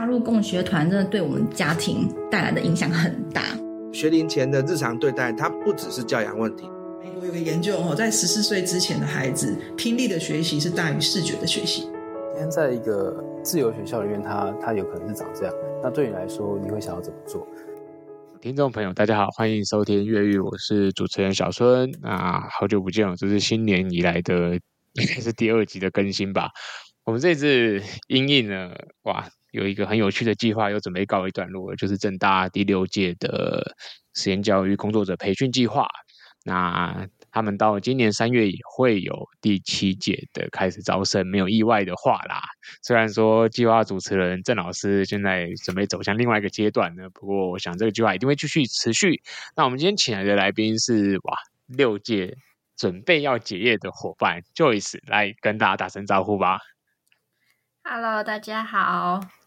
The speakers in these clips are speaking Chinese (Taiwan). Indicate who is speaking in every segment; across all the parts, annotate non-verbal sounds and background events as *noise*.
Speaker 1: 加入共學團真的對我們家庭帶來的影響很大。學齡前的日常對待，它不只是教養問題。美國有個研究哦，在十四歲之前的孩子，聽力的學習是大於視覺的學習。今天在一個自由學校裡面，他他有可能是長這樣。那對你來說，你會想要怎麼做？聽眾
Speaker 2: 朋友，大家好，歡迎收聽《越育》，我是主持人小春啊，好久不見了，這是新年以來的，應該是第二集的更新吧。我們這次音譯呢，哇！有一個很有趣的計劃，又準備告一段落，就是政大第六屆的實驗教育工作者培訓計劃。那他們到今年三月也會有第七屆的開始招生，沒有意外的話啦。雖然說計劃主持人鄭老師現在準備走向另外一個階段呢，不過我想這個計劃一定會繼續持續。那我們今天請來的來賓是哇，六屆準備要結業的夥伴 Joyce，來跟大家打聲招呼吧。
Speaker 1: Hello，大家好。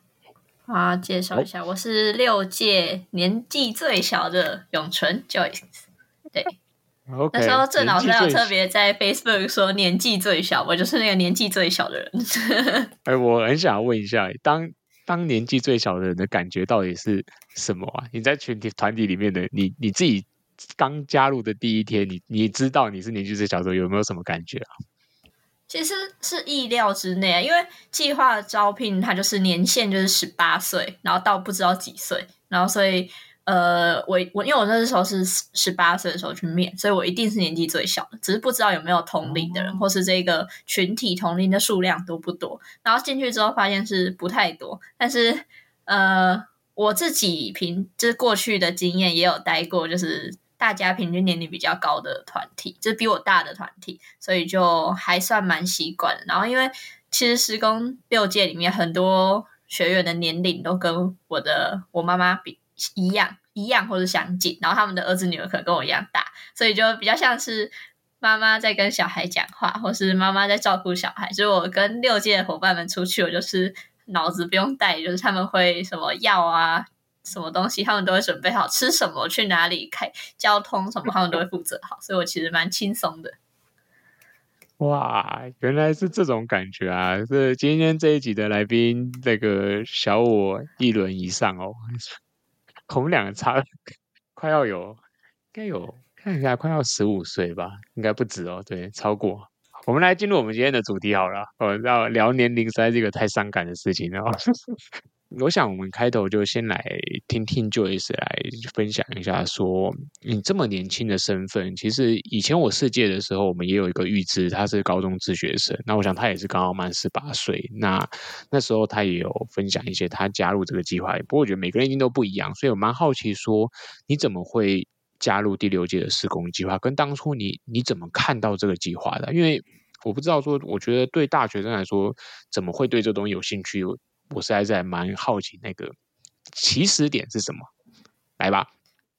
Speaker 1: 啊，介紹一下，oh。我是六屆年紀最小的永淳
Speaker 2: Joyce，對，okay，那時候鄭老師還特
Speaker 1: 別在 Facebook 說年紀，年紀最小，我就是那個年紀最小的人。哎 *laughs* 、
Speaker 2: 欸，我很想問一下，當當年紀最小的人的感覺到底是什麼啊？你在群體團體裡面的你你自己剛加入的第一天，你你知道你是年紀最小的時候有沒有什麼感覺啊？
Speaker 1: 其實是意料之內啊，因為計劃招聘，它就是年限就是十八歲，然後到不知道幾歲，然後所以呃，我我因為我那時候是十八歲的時候去面，所以我一定是年紀最小的，只是不知道有沒有同齡的人，或是這個群體同齡的數量多不多。然後進去之後發現是不太多，但是呃，我自己憑就是過去的經驗也有待過，就是。大家平均年齡比較高的團體，就是比我大的團體，所以就還算蠻習慣的。然後，因為其實實工六屆裡面很多學員的年齡都跟我的我媽媽比一樣，一樣或者相近。然後他們的兒子女兒可能跟我一樣大，所以就比較像是媽媽在跟小孩講話，或是媽媽在照顧小孩。所以我跟六屆的夥伴們出去，我就是腦子不用帶，就是他們會什麼藥啊。什麼東西他們，都會準備好，吃什麼去哪裡開交通什麼他們都會負責好， *laughs* 所以我其實蠻輕鬆的。
Speaker 2: 哇，原來是這種感覺啊！這今天這一集的來賓，那個小我一輪以上哦， *laughs* 我們兩個差快要有，應該有看一下，快要十五歲吧，應該不止哦，對，超過。我們來進入我們今天的主題好了，我們要聊年齡，實在是一個太傷感的事情哦。 *laughs* *laughs* 我想，我們開頭就先來聽聽 Joyce 來分享一下，說你這麼年輕的身份，其實以前我世界的時候，我們也有一個預知，他是高中自學生。那我想他也是剛剛滿十八歲。那那時候他也有分享一些他加入這個計劃。不過我覺得每個人一定都不一樣，所以我蠻好奇說你怎麼會加入第六屆的實工計劃，跟當初你你怎麼看到這個計劃的？因為我不知道說，我覺得對大學生來說，怎麼會對這東西有興趣？我實在是還蠻好奇那個起始點是什麼，來吧。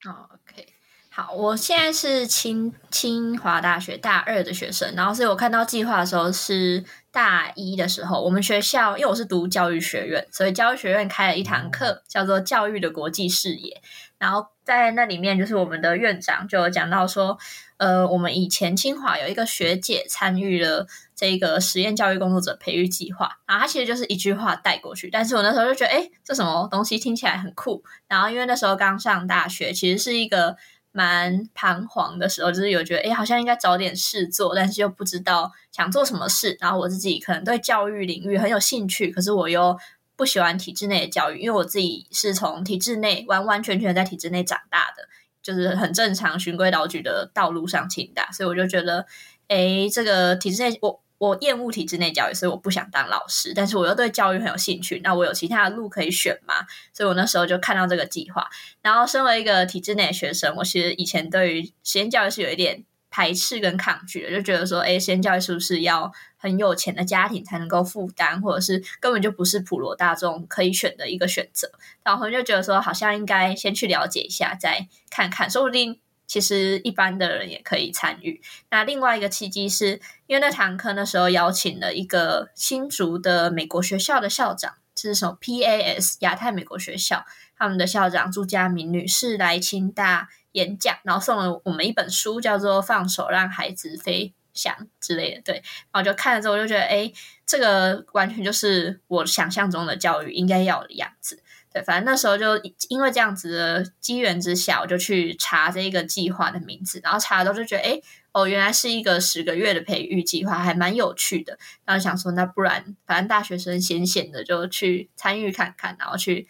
Speaker 1: OK，好，我現在是清清華大學大二的學生，然後所以我看到計劃的時候是大一的時候，我們學校因為我是讀教育學院，所以教育學院開了一堂課，嗯，叫做《教育的國際視野》。然後在那裡面，就是我們的院長就有講到說，呃，我們以前清華有一個學姐參與了這個實驗教育工作者培育計劃，然後她其實就是一句話帶過去。但是我那時候就覺得，誒，這什麼東西聽起來很酷。然後因為那時候剛上大學，其實是一個蠻彷徨的時候，就是有覺得，誒，好像應該找點事做，但是又不知道想做什麼事。然後我自己可能對教育領域很有興趣，可是我又。不喜歡體制內的教育，因為我自己是從體制內完完全全在體制內長大的，就是很正常循規蹈矩的道路上長大，所以我就覺得，哎，這個體制內我我厭惡體制內教育，所以我不想當老師，但是我又對教育很有興趣，那我有其他的路可以選嘛？所以我那時候就看到這個計劃，然後身為一個體制內的學生，我其實以前對於實驗教育是有一點。排斥跟抗拒的。就覺得說，哎，先教育是不是要很有錢的家庭才能夠負擔，或者是根本就不是普羅大眾可以選的一個選擇。然後就覺得說，好像應該先去了解一下，再看看，說不定其實一般的人也可以參與。那另外一個契機是因為那堂課那時候邀請了一個新竹的美國學校的校長，就是什麼 PAS 亞太美國學校。他們的校長朱家明女士來清大演講，然後送了我們一本書，叫做《放手讓孩子飛翔》之類的。對，然後就看了之後，我就覺得，誒、欸、這個完全就是我想象中的教育應該要的樣子。對，反正那時候就因為這樣子的機緣之下，我就去查這個計劃的名字，然後查了之後就覺得，誒、欸、哦，原來是一個十個月的培育計劃，還蠻有趣的。然後想說，那不然反正大學生閒閒的就去參與看看，然後去。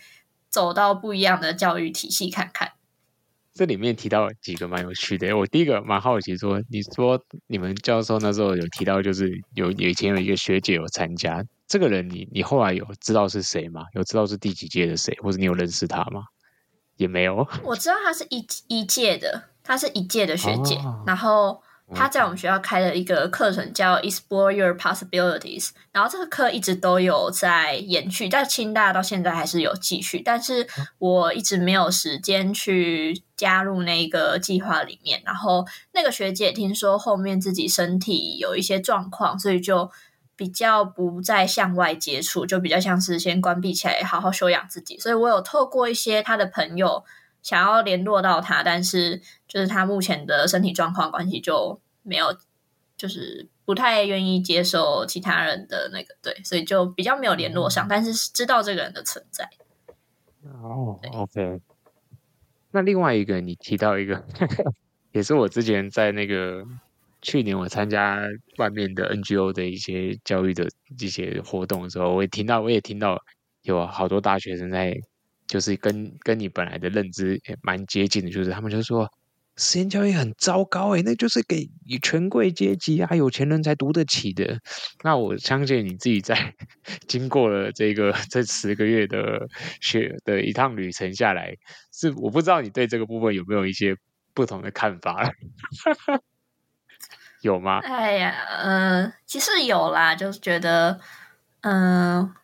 Speaker 1: 走到不一樣的教育體系看看。這
Speaker 2: 裡面提到幾個蠻有趣的。我第一個蠻好奇說，說你說你們教授那時候有提到，就是有，有以前有一個學姐有參加，這個人你你後來有知道是誰嗎？有知道是第幾屆的誰，或者你有認識他嗎？也沒有。
Speaker 1: 我知道他是一一屆的，他是一屆的學姐，哦、然後。他在我們學校開了一個課程叫 Explore Your Possibilities，然後這個課一直都有在延續，在清大到現在還是有繼續，但是我一直沒有時間去加入那個計劃裡面。然後那個學姐聽說後面自己身體有一些狀況，所以就比較不再向外接觸，就比較像是先關閉起來，好好休養自己。所以我有透過一些她的朋友。想要聯絡到他，但是就是他目前的身體狀況關係就沒有，就是不太願意接受其他人的那個對，所以就比較沒有聯絡上，嗯。但是知道這個人的存在。
Speaker 2: 哦，oh，OK。那另外一個，你提到一個， *laughs* 也是我之前在那個去年我參加外面的 NGO 的一些教育的一些活動的時候，我也聽到我也聽到有好多大學生在。就是跟跟你本來的認知也蠻接近的，就是他們就說，實驗教育很糟糕誒、欸，那就是給權貴階級啊、有錢人才讀得起的。那我相信你自己在經過了這個這十個月的學的一趟旅程下來，是我不知道你對這個部分有沒有一些不同的看法？ *laughs* 有嗎？
Speaker 1: 哎呀，嗯、呃，其實有啦，就是覺得，嗯、呃。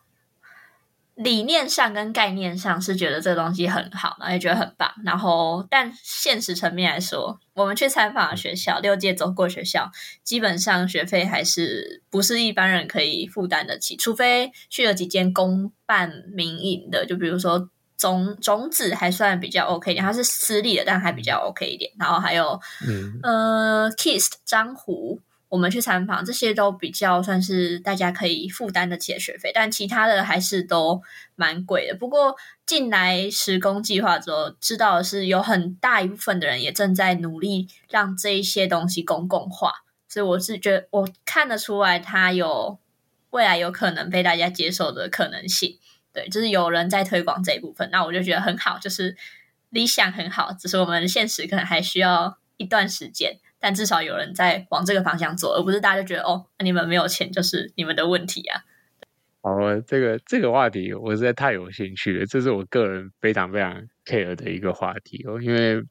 Speaker 1: 理念上跟概念上是覺得這東西很好，然後也覺得很棒。然後，但現實層面來說，我們去參訪學校，嗯、六屆走過學校，基本上學費還是不是一般人可以負擔得起，除非去了幾間公辦、民營的，就比如說中種，種子還算比較 OK 一點，它是私立的，但還比較 OK 一點。然後還有，嗯、呃，KIST 樟湖。我們去參訪，這些都比較算是大家可以負擔得起的學費，但其他的還是都蠻貴的。不過進來實工計劃之後，知道的是有很大一部分的人也正在努力讓這一些東西公共化，所以我是覺得我看得出來，它有未來有可能被大家接受的可能性。對，就是有人在推廣這一部分，那我就覺得很好，就是理想很好，只是我們現實可能還需要一段時間。但至少有人在往這個方向走，而不是大家覺得哦，那你們沒有錢就是你們的問題啊。
Speaker 2: 好，這個這個話題我實在太有興趣了，這是我個人非常非常 care 的一個話題哦。因為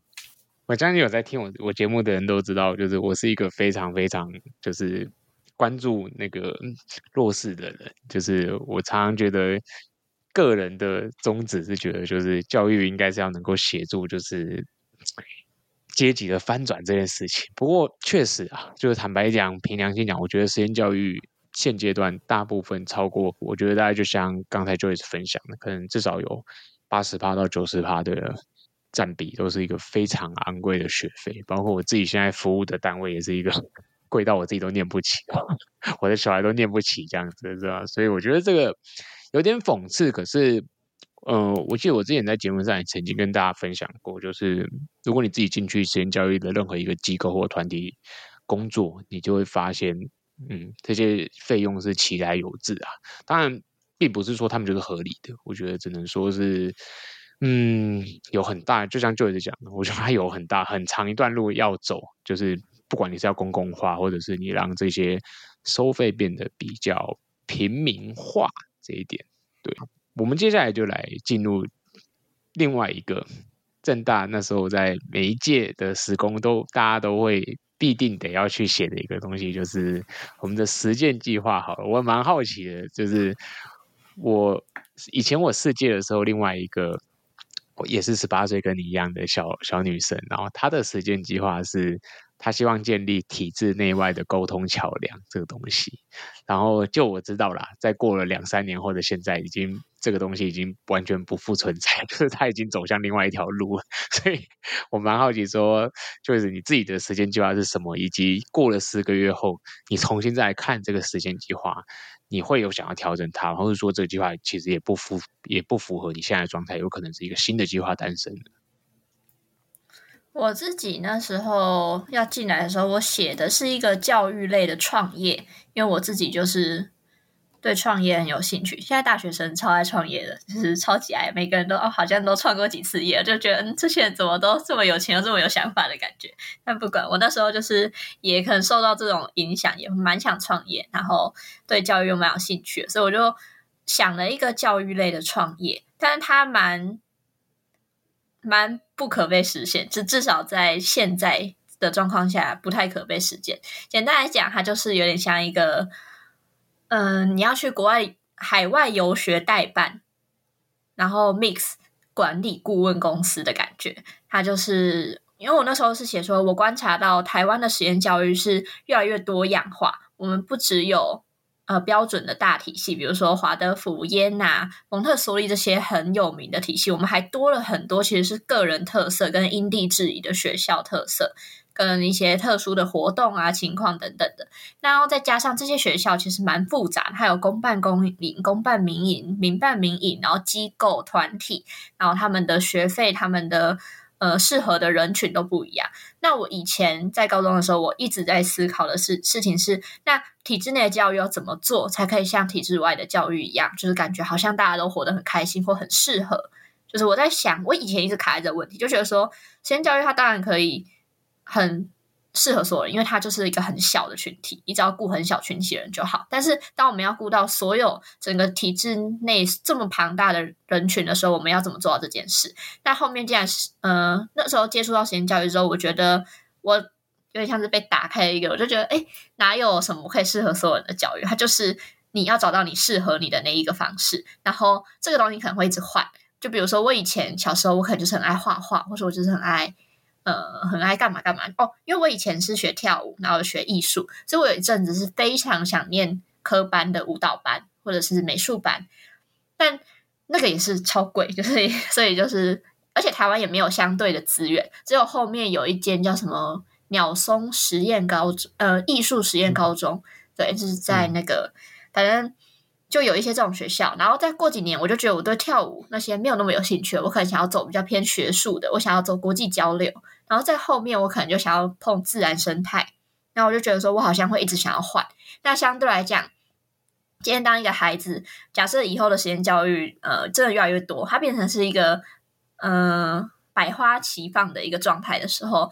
Speaker 2: 我相信有在聽我我節目的人都知道，就是我是一個非常非常就是關注那個弱勢的人，就是我常常覺得個人的宗旨是覺得就是教育應該是要能夠協助就是。階級的翻轉這件事情，不過確實啊，就是坦白講，憑良心講，我覺得實驗教育現階段大部分超過，我覺得大家就像剛才 Joyce 分享的，可能至少有八十趴到九十趴的佔比，都是一個非常昂貴的學費。包括我自己現在服務的單位，也是一個貴到我自己都念不起，啊，我的小孩都念不起這樣子，是吧？所以我覺得這個有點諷刺，可是。呃，我記得我之前在節目上也曾經跟大家分享過，就是如果你自己進去實驗教育的任何一個機構或團體工作，你就會發現，嗯，這些費用是其來有自啊。當然，並不是說他們就是合理的，我覺得只能說是，嗯，有很大。就像 Joyce 講的，我覺得他有很大很長一段路要走，就是不管你是要公共化，或者是你讓這些收費變得比較平民化，這一點，對。我們接下來就來進入另外一個政大那時候在每一屆的實工都大家都會必定得要去寫的一個東西，就是我們的實踐計劃。好了，我蠻好奇的，就是我以前我四屆的時候，另外一個我也是十八歲跟你一樣的小小女生，然後她的實踐計劃是。他希望建立體制內外的溝通橋樑這個東西，然後就我知道啦，再過了兩三年或者現在已經這個東西已經完全不復存在，就是他已經走向另外一條路，所以我蠻好奇說，就是你自己的時間計劃是什麼，以及過了四個月後，你重新再看這個時間計劃，你會有想要調整它，然後是說這個計劃其實也不符也不符合你現在的狀態，有可能是一個新的計劃誕生。
Speaker 1: 我自己那時候要進來的時候，我寫的是一個教育類的創業，因為我自己就是對創業很有興趣。現在大學生超愛創業的，就是超級愛，每個人都哦，好像都創過幾次業，就覺得嗯，這些人怎麼都這麼有錢，又這麼有想法的感覺。但不管，我那時候就是也可能受到這種影響，也蠻想創業，然後對教育又蠻有興趣，所以我就想了一個教育類的創業，但是它蠻蠻不可被實現，至至少在現在的狀況下不太可被實現。簡單來講，它就是有點像一個，嗯、呃，你要去國外海外遊學代辦，然後 Mix 管理顧問公司的感覺。它就是因為我那時候是寫說，我觀察到台灣的實驗教育是越來越多樣化，我們不只有。呃，標準的大體系，比如說華德福、耶拿、蒙特梭利這些很有名的體系，我們還多了很多，其實是個人特色跟因地制宜的學校特色，跟一些特殊的活動啊、情況等等的。然後再加上這些學校其實蠻複雜，還有公辦公營、公辦民營、民辦民營，然後機構、團體，然後他們的學費，他們的。呃，適合的人群都不一樣。那我以前在高中的時候，我一直在思考的事事情是，那體制內的教育要怎麼做，才可以像體制外的教育一樣，就是感覺好像大家都活得很開心或很適合。就是我在想，我以前一直卡在這個問題，就覺得說，實驗教育它當然可以，很。適合所有人，因為它就是一個很小的群體，你只要顧很小群體的人就好。但是，當我們要顧到所有整個體制內這麼龐大的人群的時候，我們要怎麼做到這件事？那後面竟然是，嗯、呃，那時候接觸到實驗教育之後，我覺得我有點像是被打開了一個，我就覺得，哎，哪有什麼可以適合所有人的教育？它就是你要找到你適合你的那一個方式。然後，這個東西可能會一直換。就比如說，我以前小時候，我可能就是很愛畫畫，或者我就是很愛。呃，很愛幹嘛幹嘛哦，因為我以前是學跳舞，然後學藝術，所以我有一陣子是非常想念科班的舞蹈班或者是美術班，但那個也是超貴，就是所以就是，而且台灣也沒有相對的資源，只有後面有一間叫什麼鳥松實驗高中，呃，藝術實驗高中，對，就是在那個反正。就有一些這種學校，然後再過幾年，我就覺得我對跳舞那些沒有那麼有興趣了。我可能想要走比較偏學術的，我想要走國際交流，然後在後面我可能就想要碰自然生態。那我就覺得說，我好像會一直想要換。那相對來講，今天當一個孩子，假設以後的實驗教育，呃，真的越來越多，它變成是一個嗯、呃、百花齊放的一個狀態的時候，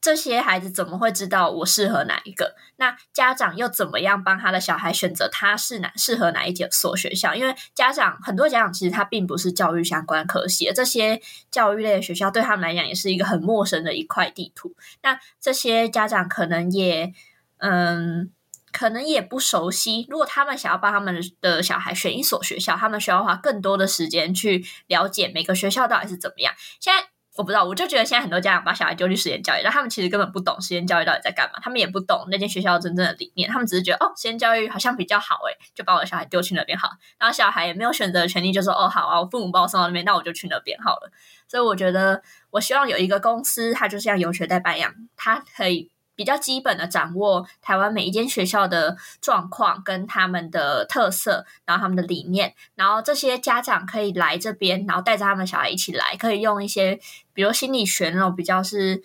Speaker 1: 這些孩子怎麼會知道我適合哪一個？那家長又怎麼樣幫他的小孩選擇他是哪適合哪一所學校？因為家長，很多家長其實他並不是教育相關科系，這些教育類的學校對他們來講也是一個很陌生的一塊地圖。那這些家長可能也嗯，可能也不熟悉。如果他們想要幫他們的小孩選一所學校，他們需要花更多的時間去了解每個學校到底是怎麼樣。現在。我不知道，我就覺得現在很多家長把小孩丟去實驗教育，但他們其實根本不懂實驗教育到底在幹嘛，他們也不懂那間學校真正的理念，他們只是覺得哦，實驗教育好像比較好誒，就把我的小孩丟去那邊好，然後小孩也沒有選擇的權利，就說哦好啊，我父母把我送到那邊，那我就去那邊好了。所以我覺得，我希望有一個公司，它就是像遊學代辦一樣，它可以。比較基本的掌握台灣每一間學校的狀況跟他們的特色，然後他們的理念，然後這些家長可以來這邊，然後帶着他們小孩一起來，可以用一些比如心理學那種比較是，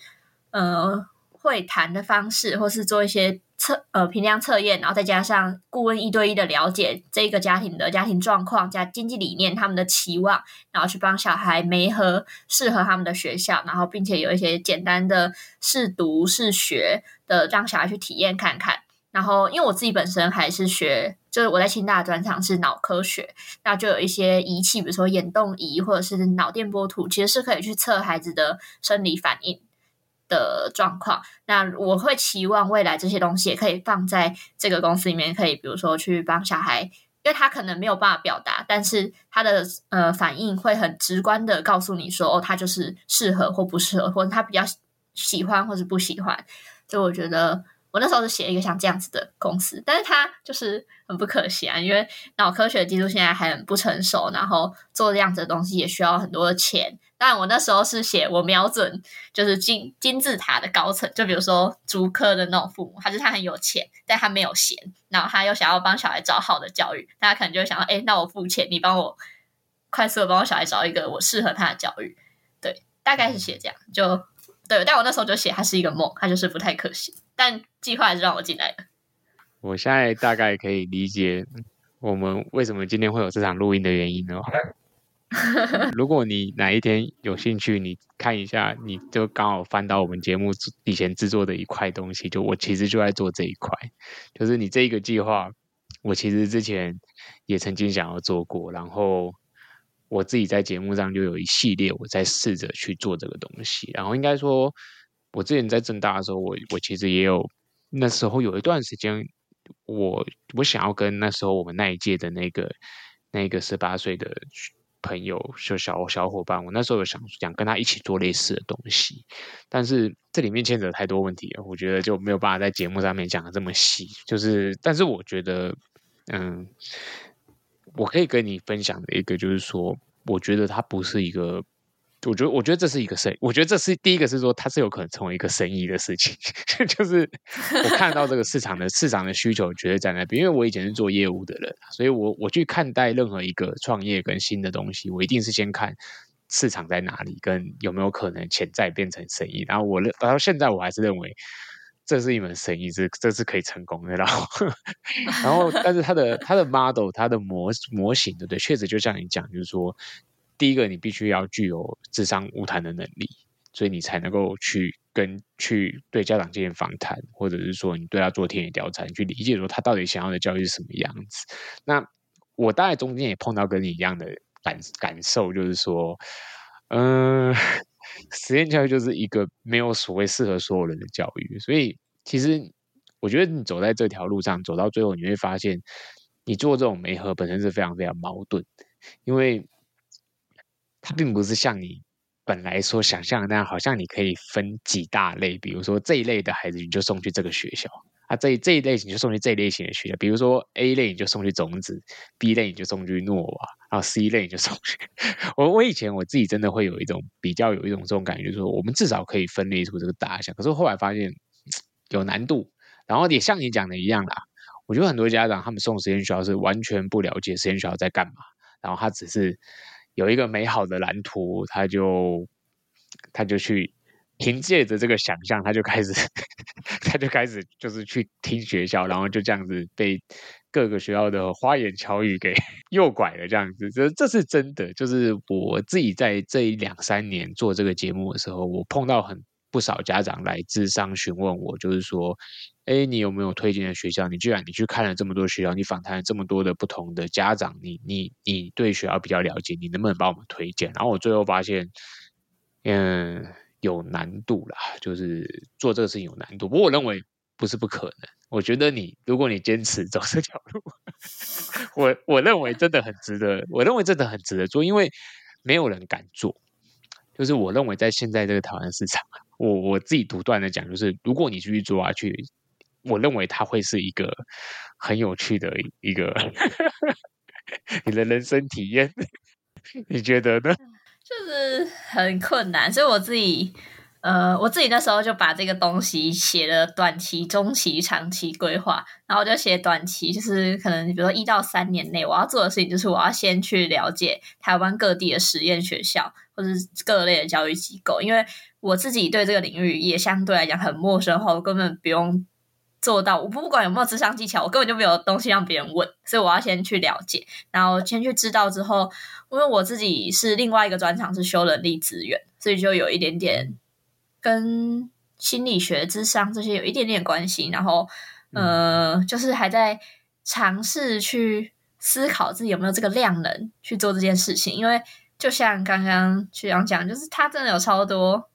Speaker 1: 呃，會談的方式，或是做一些。測呃，評量測驗，然後再加上顧問一對一的了解這個家庭的家庭狀況、加經濟理念、他們的期望，然後去幫小孩媒合適合他們的學校，然後並且有一些簡單的試讀試學的，讓小孩去體驗看看。然後，因為我自己本身還是學，就是我在清大專長是腦科學，那就有一些儀器，比如說眼動儀或者是腦電波圖，其實是可以去測孩子的生理反應的狀況，那我會期望未來這些東西也可以放在這個公司裡面，可以比如說去幫小孩，因為他可能沒有辦法表達，但是他的呃反應會很直觀的告訴你說，哦，他就是適合或不適合，或者他比較喜歡或者不喜歡。就我覺得我那時候是寫一個像這樣子的公司，但是他就是很不可惜啊，因為腦科學的技術現在還很不成熟，然後做這樣子的東西也需要很多的錢。但我那時候是寫我瞄準就是金金字塔的高層，就比如說竹科的那種父母，他是他很有錢，但他沒有閒，然後他又想要幫小孩找好的教育，大家可能就想到，哎、欸，那我付錢，你幫我快速的幫我小孩找一個我適合他的教育，對，大概是寫這樣，就對。但我那時候就寫他是一個夢，他就是不太可行，但計劃還是讓我進來的。我
Speaker 2: 現在大概可以理解我們為什麼今天會有這場錄音的原因哦、喔。 *laughs* 如果你哪一天有興趣，你看一下，你就剛好翻到我們節目以前制作的一塊東西。就我其實就在做這一塊，就是你這一個計劃，我其實之前也曾經想要做過。然後我自己在節目上就有一系列我在試着去做這個東西。然後應該說，我之前在政大的時候，我我其實也有那時候有一段時間，我我想要跟那時候我們那一屆的那個那個十八歲的。朋友就小小夥伴，我那時候有想想跟他一起做類似的東西，但是這裡面牽扯太多問題了，我覺得就沒有辦法在節目上面講的這麼細。就是，但是我覺得，嗯，我可以跟你分享的一個，就是說，我覺得他不是一個。我覺得，我覺得這是一個生意。我覺得這是第一個是說，它是有可能成為一個生意的事情。 *laughs* 就是我看到這個市場的市場的需求絕對在那邊，因為我以前是做業務的人，所以我我去看待任何一個創業跟新的東西，我一定是先看市場在哪裡，跟有沒有可能潛在變成生意。然後我，然後現在我還是認為這是一門生意，是這是可以成功的。然後， *laughs* 然後，但是它的它的 model 它的模模型，對不對？確實就像你講，就是說。第一個，你必須要具有諮商晤談的能力，所以你才能夠去跟去對家長進行訪談，或者是說你對他做田野調查，去理解說他到底想要的教育是什麼樣子。那我大概中間也碰到跟你一樣的感感受，就是說，嗯、呃，實驗教育就是一個沒有所謂適合所有人的教育。所以，其實我覺得你走在這條路上走到最後，你會發現你做這種媒合本身是非常非常矛盾，因為。它並不是像你本來說想象的那樣，好像你可以分幾大類，比如說這一類的孩子你就送去這個學校，啊這，這這一類型就送去這一類型的學校，比如說 A 類你就送去種子，B 類你就送去諾瓦，啊，C 類你就送去。 *laughs* 我我以前我自己真的會有一種比較有一種這種感覺就是說，說我們至少可以分裂出這個大項，可是後來發現有難度，然後也像你講的一樣啦，我覺得很多家長他們送實驗學校是完全不了解實驗學校在幹嘛，然後他只是。有一個美好的藍圖，他就他就去憑借着這個想象他就開始他就開始就是去聽學校，然後就這樣子被各個學校的花言巧語給誘拐了。這樣子，這這是真的。就是我自己在這兩三年做這個節目的時候，我碰到很不少家長來諮商詢問我，就是說。哎，你有沒有推薦的學校？你既然你去看了這麼多學校，你訪談了這麼多的不同的家長，你你你對學校比較了解，你能不能幫我們推薦？然後我最後發現，嗯、呃，有難度啦，就是做這個事情有難度。不過我認為不是不可能，我覺得你如果你堅持走這條路， *laughs* 我我認為真的很值得，我認為真的很值得做，因為沒有人敢做。就是我認為在現在這個台灣市場，我我自己獨斷的講，就是如果你繼續做下、啊、去。我認為它會是一個很有趣的一個 *laughs* 你的人生體驗，你覺得呢？
Speaker 1: 就是很困難，所以我自己呃，我自己那時候就把這個東西寫了短期、中期、長期規劃，然後就寫短期，就是可能比如說一到三年內我要做的事情，就是我要先去了解台灣各地的實驗學校或者是各類的教育機構，因為我自己對這個領域也相對來講很陌生，然後根本不用。做到我不管有沒有諮商技巧，我根本就沒有東西讓別人問，所以我要先去了解，然後先去知道之後，因為我自己是另外一個專長是修人力資源，所以就有一點點跟心理學、諮商這些有一點點關係，然後呃，就是還在嘗試去思考自己有沒有這個量能去做這件事情，因為就像剛剛去講講，就是他真的有超多。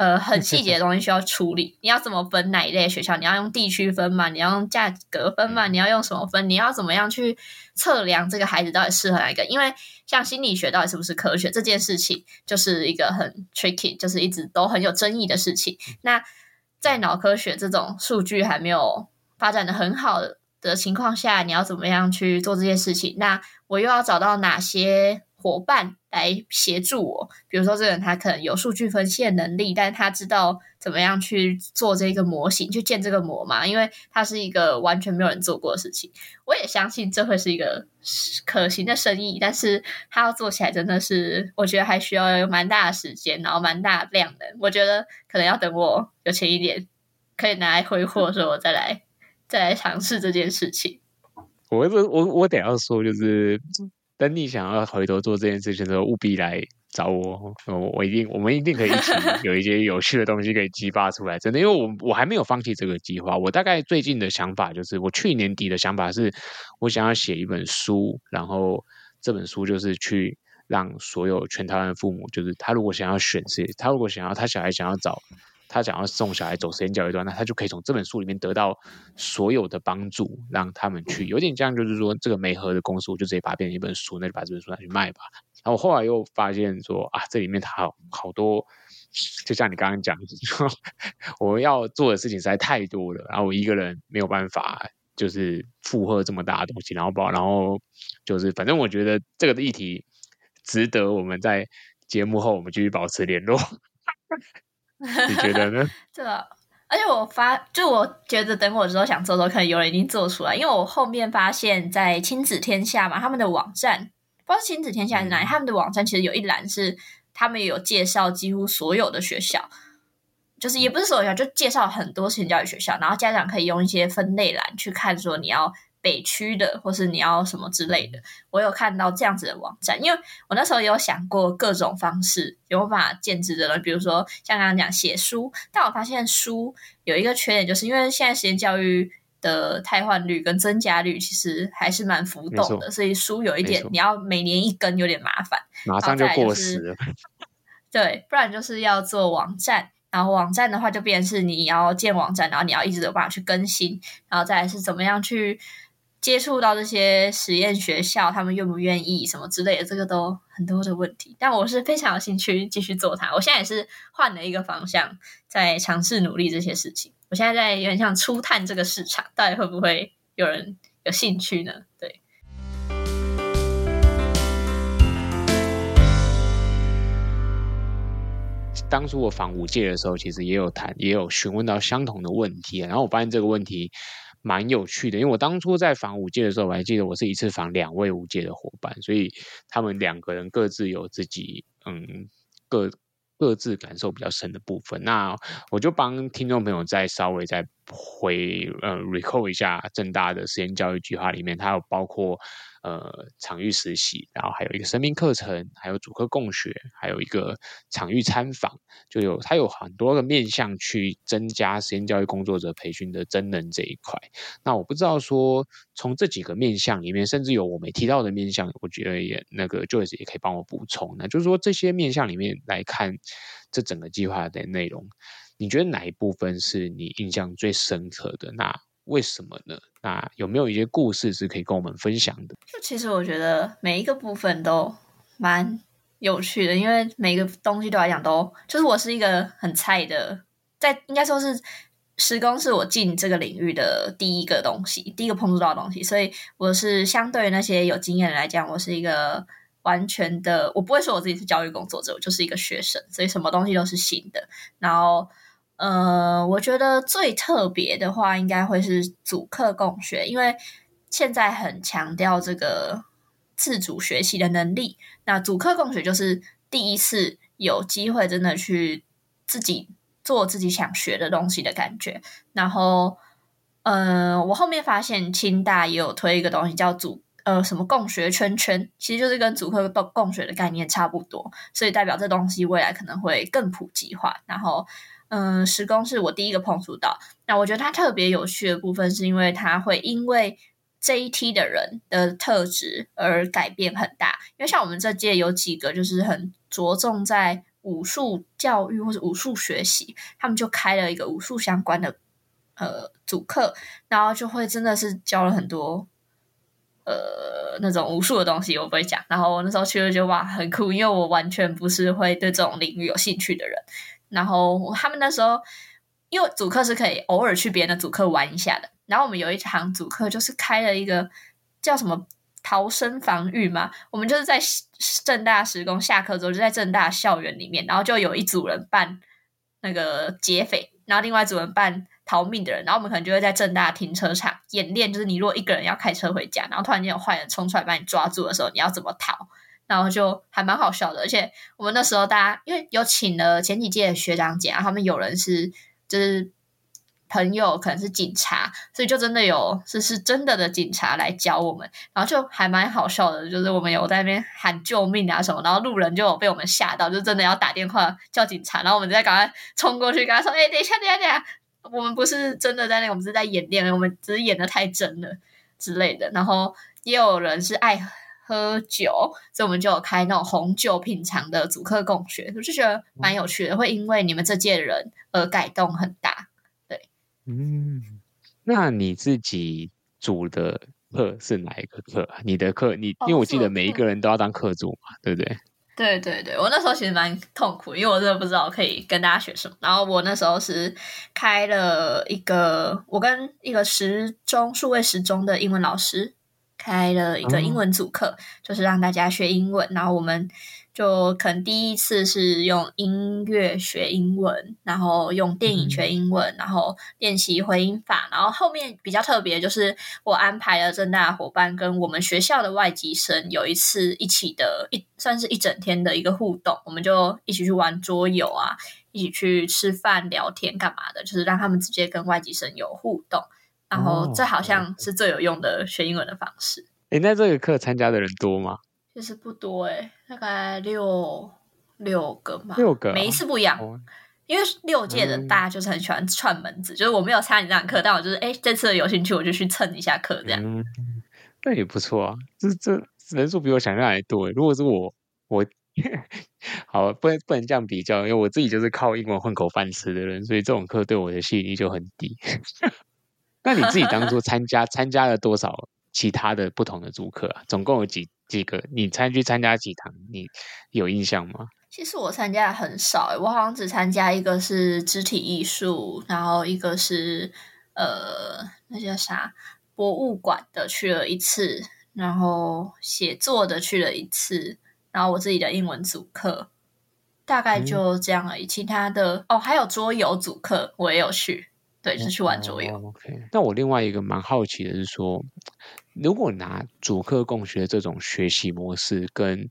Speaker 1: 呃，很細節的東西需要處理。你要怎麼分哪一類學校？你要用地區分嘛？你要用價格分嘛？你要用什麼分？你要怎麼樣去測量這個孩子到底適合哪一個？因為像心理學到底是不是科學這件事情，就是一個很 tricky，就是一直都很有爭議的事情。那在腦科學這種數據還沒有發展得很好的情況下，你要怎麼樣去做這件事情？那我又要找到哪些？伙伴來協助我，比如說，這個人他可能有數據分析的能力，但是他知道怎麼樣去做這個模型，去建這個模嘛，因為他是一個完全沒有人做過的事情。我也相信這會是一個可行的生意，但是他要做起來真的是，我覺得還需要蠻大的時間，然後蠻大的量的。我覺得可能要等我有錢一點，可以拿來揮霍的時候，我 *laughs* 再來再來嘗試這件事情。
Speaker 2: 我不，我我等下說就是。 *laughs* 等你想要回頭做這件事情的時候，務必來找我，我一定，我們一定可以一起有一些有趣的東西可以激發出來。 *laughs* 真的，因為我我還沒有放棄這個計劃。我大概最近的想法就是，我去年底的想法是，我想要寫一本書，然後這本書就是去讓所有全台灣的父母，就是他如果想要選擇，他如果想要，他小孩想要找。他想要送小孩走實驗教育端，那他就可以從這本書裡面得到所有的幫助，讓他們去有點像，就是說這個媒合的公司，我就直接把它變成一本書，那就把這本書拿去賣吧。然後我後來又發現說啊，這裡面他好好多，就像你剛剛講，就是說，我要做的事情實在太多了，然後我一個人沒有辦法，就是負荷這麼大的東西，然後包然後就是反正我覺得這個議題值得我們在節目後我們繼續保持聯絡。 *laughs*
Speaker 1: 你覺得呢？這 *laughs* 而且我發，就我覺得等我之後想做都可能有人已經做出來。因為我後面發現，在親子天下嘛，他們的網站，不知道是親子天下來哪裡、嗯，他們的網站其實有一欄是他們也有介紹幾乎所有的學校，就是也不是所有學校，就介紹很多實驗教育學校，然後家長可以用一些分類欄去看，說你要。北區的，或是你要什麼之類的，我有看到這樣子的網站，因為我那時候也有想過各種方式有，有辦法兼職的呢，比如說像剛剛講寫書，但我發現書有一個缺點，就是因為現在實驗教育的汰換率跟增加率其實還是蠻浮動的，所以書有一點你要每年一更有點麻煩，馬上就過時了，然後再來就是，對，不然就是要做網站，然後網站的話就變成是你要建網站，然後你要一直有辦法去更新，然後再來是怎麼樣去。接觸到這些實驗學校，他們願不願意什麼之類的，這個都很多的問題。但我是非常有興趣繼續做它。我現在也是換了一個方向，在嘗試努力這些事情。我現在在有點像初探這個市場，到底會不會有人有興趣呢？對。
Speaker 2: 當初我訪五屆的時候，其實也有談，也有詢問到相同的問題，然後我發現這個問題。蠻有趣的，因為我當初在訪五屆的時候，我還記得我是一次訪兩位五屆的伙伴，所以他們兩個人各自有自己，嗯，各各自感受比較深的部分。那我就幫聽眾朋友再稍微再回呃 recall 一下政大的實驗教育計劃裡面，它有包括。呃，場域實習，然後還有一個生命課程，還有主科共學，還有一個場域參訪，就有它有很多的面向去增加實驗教育工作者培訓的增能這一塊。那我不知道說從這幾個面向裡面，甚至有我沒提到的面向，我覺得也那個 Joyce 也可以幫我補充。那就是說這些面向裡面來看，這整個計劃的內容，你覺得哪一部分是你印象最深刻的呢？那為什麼呢？那有沒有一些故事是可以跟我們分享的？
Speaker 1: 就其實我覺得每一個部分都蠻有趣的，因為每個東西對我來講都，就是我是一個很菜的，在應該說，是實工是我進這個領域的第一個東西，第一個碰觸到的東西。所以我是相對於那些有經驗的來講，我是一個完全的，我不會說我自己是教育工作者，我就是一個學生，所以什麼東西都是新的，然後。呃，我覺得最特別的話，應該會是組課共學，因為現在很強調這個自主學習的能力。那組課共學就是第一次有機會真的去自己做自己想學的東西的感覺。然後，呃，我後面發現清大也有推一個東西叫組呃什麼共學圈圈，其實就是跟組課共共學的概念差不多，所以代表這東西未來可能會更普及化。然後。嗯，實工是我第一個碰觸到。那我覺得它特別有趣的部分，是因為它會因為這一批的人的特質而改變很大。因為像我們這屆有幾個，就是很着重在武術教育或者武術學習，他們就開了一個武術相關的呃組課，然後就會真的是教了很多呃那種武術的東西，我不會講。然後我那時候去了，就哇，很酷，因為我完全不是會對這種領域有興趣的人。然後他們那時候，因為組課是可以偶爾去別人的組課玩一下的。然後我們有一場組課就是開了一個叫什麼逃生防禦嘛，我們就是在政大實工下課之後就在政大校園裡面，然後就有一組人扮那個劫匪，然後另外一組人扮逃命的人，然後我們可能就會在政大停車場演練，就是你如果一個人要開車回家，然後突然間有壞人衝出來把你抓住的時候，你要怎麼逃？然後就還蠻好笑的，而且我們那時候大家因為有請了前幾屆的學長姐啊，他們有人是就是朋友，可能是警察，所以就真的有是是真的的警察來教我們，然後就還蠻好笑的，就是我們有在那邊喊救命啊什麼，然後路人就有被我們嚇到，就真的要打電話叫警察，然後我們就在趕快衝過去跟他說，哎，等一下，等一下，等一下，我們不是真的在那，我們是在演練，我們只是演的太真了之類的，然後也有人是愛。喝酒，所以我們就有開那種紅酒品嘗的組課共學，我就覺得蠻有趣的，會因為你們這屆人而改動很大。對，嗯，
Speaker 2: 那你自己組的課是哪一個課？你的課，你、oh, 因為我記得每一個人都要當課主嘛，對，對不對？
Speaker 1: 對對對，我那時候其實蠻痛苦，因為我真的不知道可以跟大家學什麼。然後我那時候是開了一個，我跟一個時鐘數位時鐘的英文老師。開了一個英文組課，uh -huh. 就是讓大家學英文。然後我們就可能第一次是用音樂學英文，然後用電影學英文，uh -huh. 然後練習回音法。然後後面比較特別，就是我安排了政大的伙伴跟我們學校的外籍生有一次一起的一，算是一整天的一個互動。我們就一起去玩桌遊啊，一起去吃飯聊天幹嘛的，就是讓他們直接跟外籍生有互動。然後這好像是最有用的學英文的方式。
Speaker 2: 哎、哦，那這個課參加的人多嗎？其
Speaker 1: 實不多哎、欸，大概六六個吧。六個、啊，每一次不一樣。哦，因為六屆的大家就是很喜歡串門子。嗯、就是我沒有參加你那堂課，但我就是哎，這次有興趣我就去蹭一下課這樣。嗯、
Speaker 2: 那也不錯啊，就是這人數比我想象還多。欸，如果是我，我 *laughs* 好，不能不能這樣比較，因為我自己就是靠英文混口飯吃的人，所以這種課對我的吸引力就很低。 *laughs* *laughs* 那你自己當初參加參加了多少其他的不同的組課啊？總共有幾幾個？你參去參加幾堂？你有印象嗎？
Speaker 1: 其實我參加的很少欸，我好像只參加一個是肢體藝術，然後一個是呃那叫啥博物館的去了一次，然後寫作的去了一次，然後我自己的英文組課大概就這樣而已。嗯，其他的哦，還有桌遊組課我也有去。對，是去玩桌遊。
Speaker 2: 嗯啊哦 okay。那我另外一個蠻好奇的是說，如果拿主客共學的這種學習模式跟，跟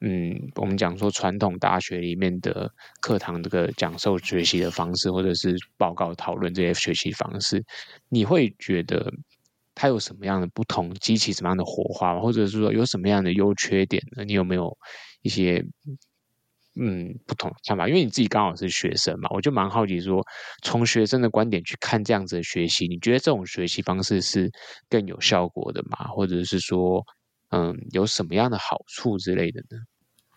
Speaker 2: 嗯，我們講說傳統大學裡面的課堂這個講授學習的方式，或者是報告討論這些學習方式，你會覺得它有什麼樣的不同，激起什麼樣的火花，或者是說有什麼樣的優缺點呢？你有沒有一些？嗯，不同想法，因為你自己剛好是學生嘛，我就蠻好奇說，說從學生的觀點去看這樣子的學習，你覺得這種學習方式是更有效果的嗎？或者是說，嗯，有什麼樣的好處之類的呢？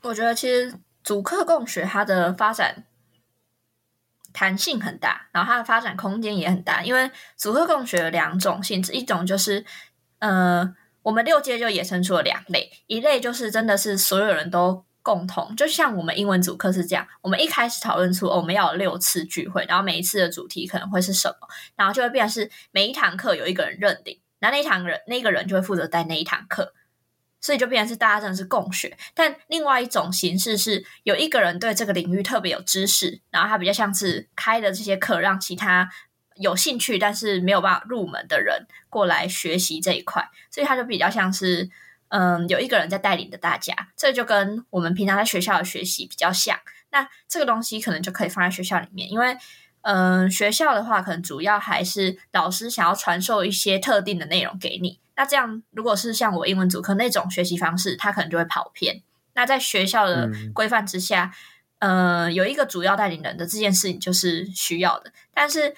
Speaker 1: 我覺得其實組課共學，它的發展彈性很大，然後它的發展空間也很大，因為組課共學有兩種性質，一種就是，呃，我們六屆就衍生出了兩類，一類就是真的是所有人都。共同，就像我們英文組課是這樣，我們一開始討論出、哦、我們要有六次聚會，然後每一次的主題可能會是什麼，然後就會變成是每一堂課有一個人認領，那那一堂人那個人就會負責帶那一堂課，所以就變成是大家真的是共學。但另外一種形式是，有一個人對這個領域特別有知識，然後他比較像是開的這些課，讓其他有興趣但是沒有辦法入門的人過來學習這一塊，所以他就比較像是。嗯，有一個人在帶領着大家，這就跟我們平常在學校的學習比較像。那這個東西可能就可以放在學校裡面，因為嗯、呃，學校的話可能主要還是老師想要傳授一些特定的內容給你。那這樣如果是像我英文組課那種學習方式，它可能就會跑偏。那在學校的規範之下、嗯，呃，有一個主要帶領人的這件事情就是需要的，但是。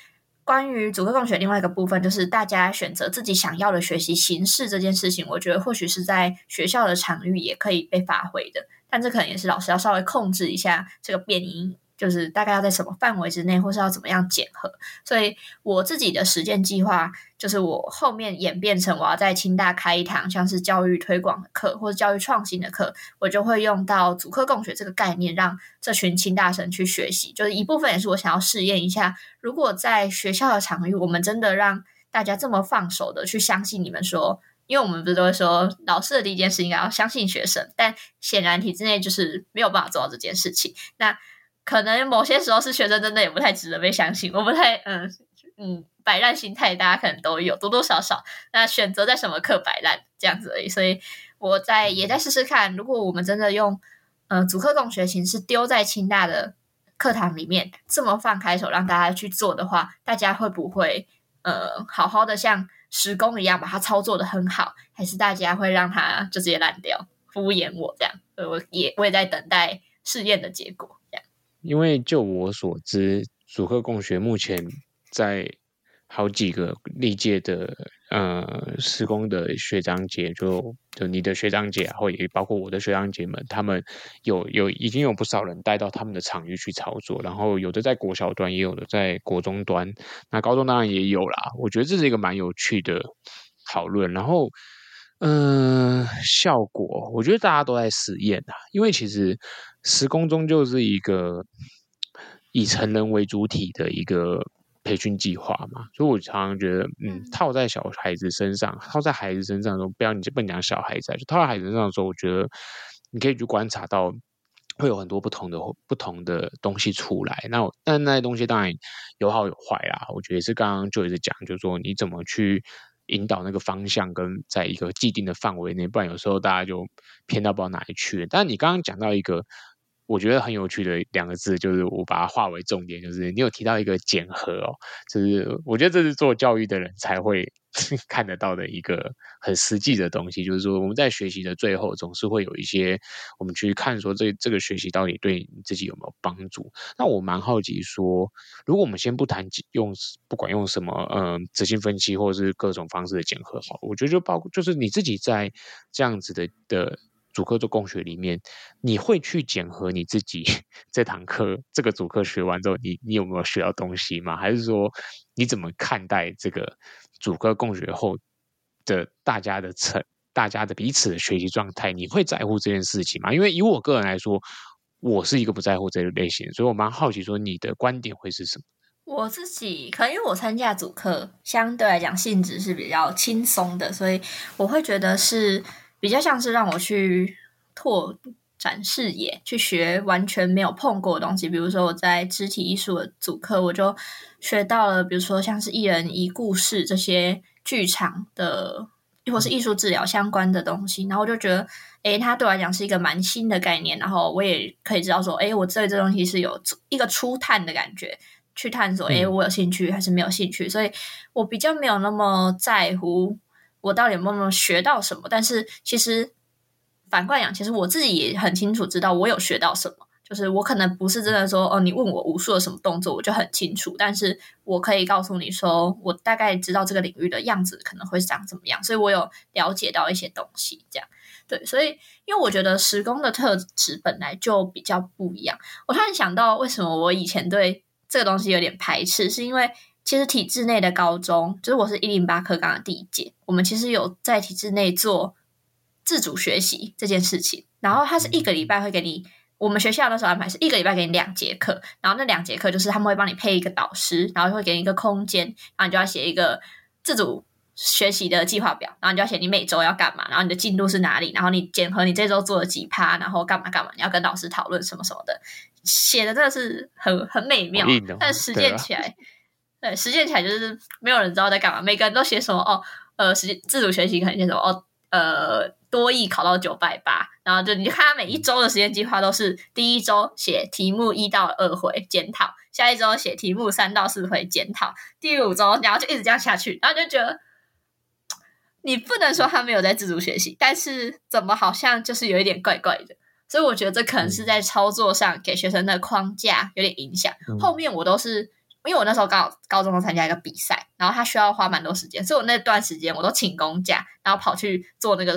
Speaker 1: 關於組課共學另外一個部分，就是大家選擇自己想要的學習形式這件事情，我覺得或許是在學校的場域也可以被發揮的，但這可能也是老師要稍微控制一下這個變因。就是大概要在什麼範圍之內，或是要怎麼樣減合？所以我自己的實踐計劃，就是我後面演變成我要在清大開一堂像是教育推廣的課，或者教育創新的課，我就會用到組課共學這個概念，讓這群清大生去學習。就是一部分也是我想要試驗一下，如果在學校的場域，我們真的讓大家這麼放手的去相信你們說，因為我們不是都會說老師的第一件事應該要相信學生，但顯然體制內就是沒有辦法做到這件事情。那可能某些時候是學生真的也不太值得被相信，我不太嗯嗯擺爛心態，大家可能都有多多少少。那選擇在什麼課擺爛這樣子，而已。所以我在也在試試看，如果我們真的用呃組課共學形式丟在清大的課堂裡面這麼放開手讓大家去做的話，大家會不會呃好好的像實工一樣把它操作的很好，還是大家會讓它就直接爛掉敷衍我這樣？我也我也在等待試驗的結果。
Speaker 2: 因為就我所知，主科共學目前在好幾個歷屆的呃，實工的學長姐就就你的學長姐，然後也包括我的學長姐們，他們有有已經有不少人帶到他們的場域去操作，然後有的在國小端，也有的在國中端，那高中當然也有啦。我覺得這是一個蠻有趣的討論，然後嗯、呃，效果我覺得大家都在實驗啊，因為其實。實工中就是一個以成人為主體的一個培訓計劃嘛，所以我常常覺得，嗯，套在小孩子身上，套在孩子身上說，不要你，不講小孩子，就套在孩子身上的時候，我覺得你可以去觀察到，會有很多不同的不同的東西出來。那我但那些東西當然有好有壞啦。我覺得是剛剛就一直講，就是說你怎麼去引導那個方向，跟在一個既定的範圍內，不然有時候大家就偏到不知道哪裡去了。但你剛剛講到一個。我覺得很有趣的兩個字，就是我把它劃為重點，就是你有提到一個檢核哦，就是我覺得這是做教育的人才會看得到的一個很實際的東西，就是說我們在學習的最後，總是會有一些我們去看說這這個學習到底對你自己有沒有幫助。那我蠻好奇說，如果我們先不談用不管用什麼嗯質性分析或者是各種方式的檢核，好，我覺得就包括就是你自己在這樣子的的。主課做共學裡面，你會去檢核你自己這堂課、這個主課學完之後，你你有沒有學到東西嗎？還是說你怎麼看待這個主課共學後的大家的成、大家的彼此的學習狀態？你會在乎這件事情嗎？因為以我個人來說，我是一個不在乎這個類型的，所以我蠻好奇說你的觀點會是什麼。
Speaker 1: 我自己可能因為我參加主課相對來講性質是比較輕鬆的，所以我會覺得是。比較像是讓我去拓展視野，去學完全沒有碰過的東西。比如說我在肢體藝術的組課，我就學到了，比如說像是“一人一故事”這些劇場的，或是藝術治療相關的東西。然後我就覺得，誒、欸，它對我來講是一個蠻新的概念。然後我也可以知道說，誒、欸，我對這東西是有一個初探的感覺，去探索，誒、欸，我有興趣還是沒有興趣。嗯、所以我比較沒有那麼在乎。我到底有沒有學到什麼？但是其實反過來講，其實我自己也很清楚知道我有學到什麼。就是我可能不是真的說，哦，你問我武術的什麼動作，我就很清楚。但是我可以告訴你說，我大概知道這個領域的樣子可能會長怎麼樣。所以我有了解到一些東西，這樣對。所以因為我覺得實工的特質本來就比較不一樣。我突然想到，為什麼我以前對這個東西有點排斥，是因為。其實體制內的高中，就是我是一零八課綱的第一屆，我們其實有在體制內做自主學習這件事情。然後它是一個禮拜會給你，嗯、我們學校那時候安排是一個禮拜給你兩節課。然後那兩節課就是他們會幫你配一個導師，然後會給你一個空間，然後你就要寫一個自主學習的計劃表。然後你就要寫你每周要幹嘛，然後你的進度是哪裡，然後你檢核你這周做了幾趴，然後幹嘛幹嘛，你要跟老師討論什麼什麼的。寫的真的是很很美妙，哦、但實踐起來。對，實踐起來就是沒有人知道在幹嘛，每個人都寫什麼哦，呃，實自主學習可能寫什麼哦，呃，多益考到九百八，然後就你就看他每一周的時間計劃都是第一周寫題目一到二回檢討，下一周寫題目三到四回檢討，第五周然後就一直這樣下去，然後就覺得你不能說他沒有在自主學習，但是怎麼好像就是有一點怪怪的，所以我覺得這可能是在操作上給學生的框架有點影響，後面我都是。因為我那時候剛好高中，要參加一個比賽，然後他需要花蠻多時間，所以我那段時間我都請公假，然後跑去做那個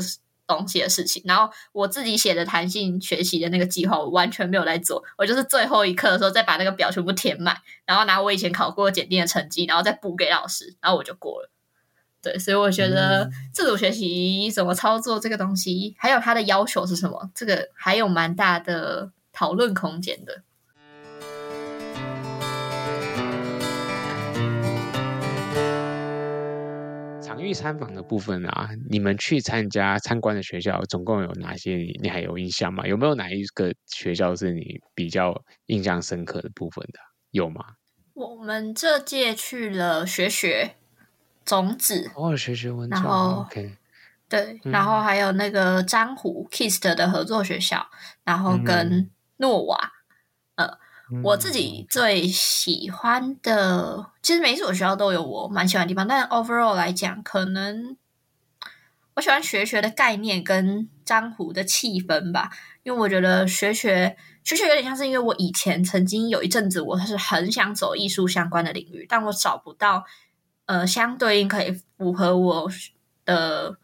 Speaker 1: 東西的事情。然後我自己寫的彈性學習的那個計劃，我完全沒有在做，我就是最後一刻的時候再把那個表全部填滿，然後拿我以前考過檢定的成績，然後再補給老師，然後我就過了。對，所以我覺得、嗯、自主學習怎麼操作這個東西，還有它的要求是什麼，這個還有蠻大的討論空間的。
Speaker 2: 場域參訪的部分啊，你們去參加參觀的學校總共有哪些？你還有印象嗎？有沒有哪一個學校是你比較印象深刻的部分的？有嗎？
Speaker 1: 我們這屆去了學學種子，哦，學學文創、哦，OK，對、嗯，然後還有那個樟湖 KIST 的合作學校，然後跟諾瓦。嗯我自己最喜歡的，嗯、其實每所學校都有我蠻喜歡的地方，但是 overall 來講，可能我喜歡學學的概念跟樟湖的氣氛吧，因為我覺得學學學學有點像是，因為我以前曾經有一陣子，我是很想走藝術相關的領域，但我找不到呃相對應可以符合我的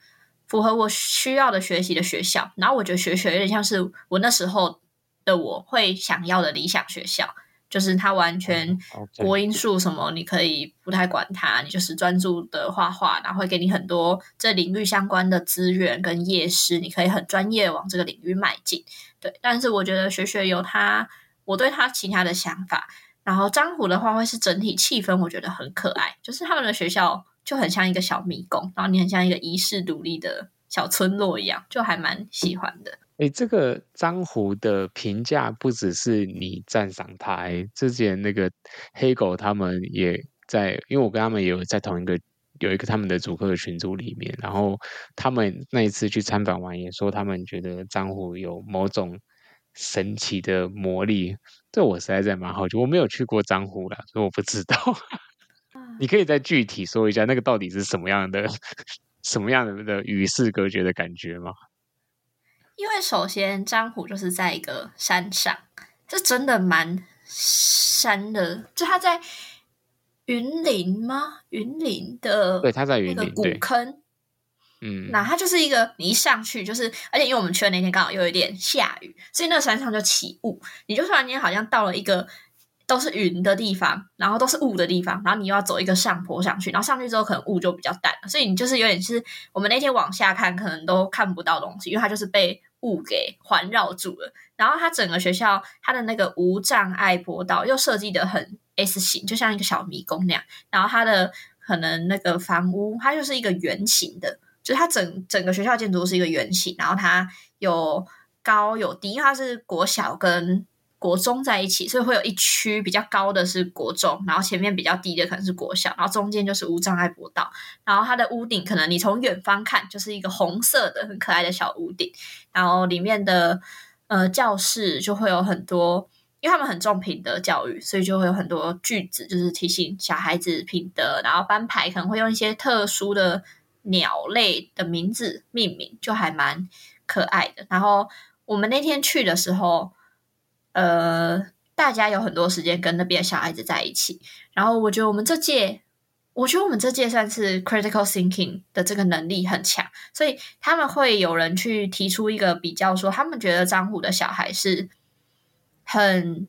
Speaker 1: 符合我需要的學習的學校，然後我覺得學學有點像是我那時候。的我會想要的理想學校，就是他完全國英數什麼你可以不太管他，你就是專注的畫畫，然後會給你很多這領域相關的資源跟業師，你可以很專業往這個領域邁進。對，但是我覺得學學有他，我對他其他的想法。然後樟湖的話，會是整體氣氛我覺得很可愛，就是他們的學校就很像一個小迷宮，然後你很像一個遺世獨立的小村落一樣，就還蠻喜歡的。
Speaker 2: 誒這個樟湖的評價不只是你讚賞他誒，之前那個黑狗他們也在，因為我跟他們也有在同一個有一個他們的組合的群組裡面，然後他們那一次去參訪完也說他們覺得樟湖有某種神奇的魔力，這我實在在蠻好奇，我沒有去過樟湖啦，所以我不知道。 *laughs* 你可以再具體說一下，那個到底是什麼樣的什麼樣的的與世隔絕的感覺嗎？
Speaker 1: 因為首先，樟湖就是在一個山上，這真的蠻山的。就它在雲林嗎？雲林的，對，它在雲林古坑。嗯，那它就是一個，你一上去就是，而且因為我們去的那天剛好又有一點下雨，所以那山上就起霧，你就突然間好像到了一個。都是雲的地方，然後都是霧的地方，然後你又要走一個上坡上去，然後上去之後可能霧就比較淡，所以你就是有點是我們那天往下看，可能都看不到東西，因為它就是被霧給環繞住了。然後它整個學校，它的那個無障礙坡道又設計的很 S 型，就像一個小迷宮那樣。然後它的可能那個房屋，它就是一個圓形的，就是它整整個學校建築是一個圓形，然後它有高有低，因為它是國小跟。國中在一起，所以會有一區比較高的是國中，然後前面比較低的可能是國小，然後中間就是無障礙步道。然後它的屋頂可能你從遠方看就是一個紅色的很可愛的小屋頂，然後裡面的呃教室就會有很多，因為他們很重品德教育，所以就會有很多句子就是提醒小孩子品德。然後班牌可能會用一些特殊的鳥類的名字命名，就還蠻可愛的。然後我們那天去的時候。呃，大家有很多時間跟那邊小孩子在一起。然後我覺得我們這屆，我覺得我們這屆算是 critical thinking 的這個能力很強，所以他們會有人去提出一個比較說，他們覺得樟湖的小孩是很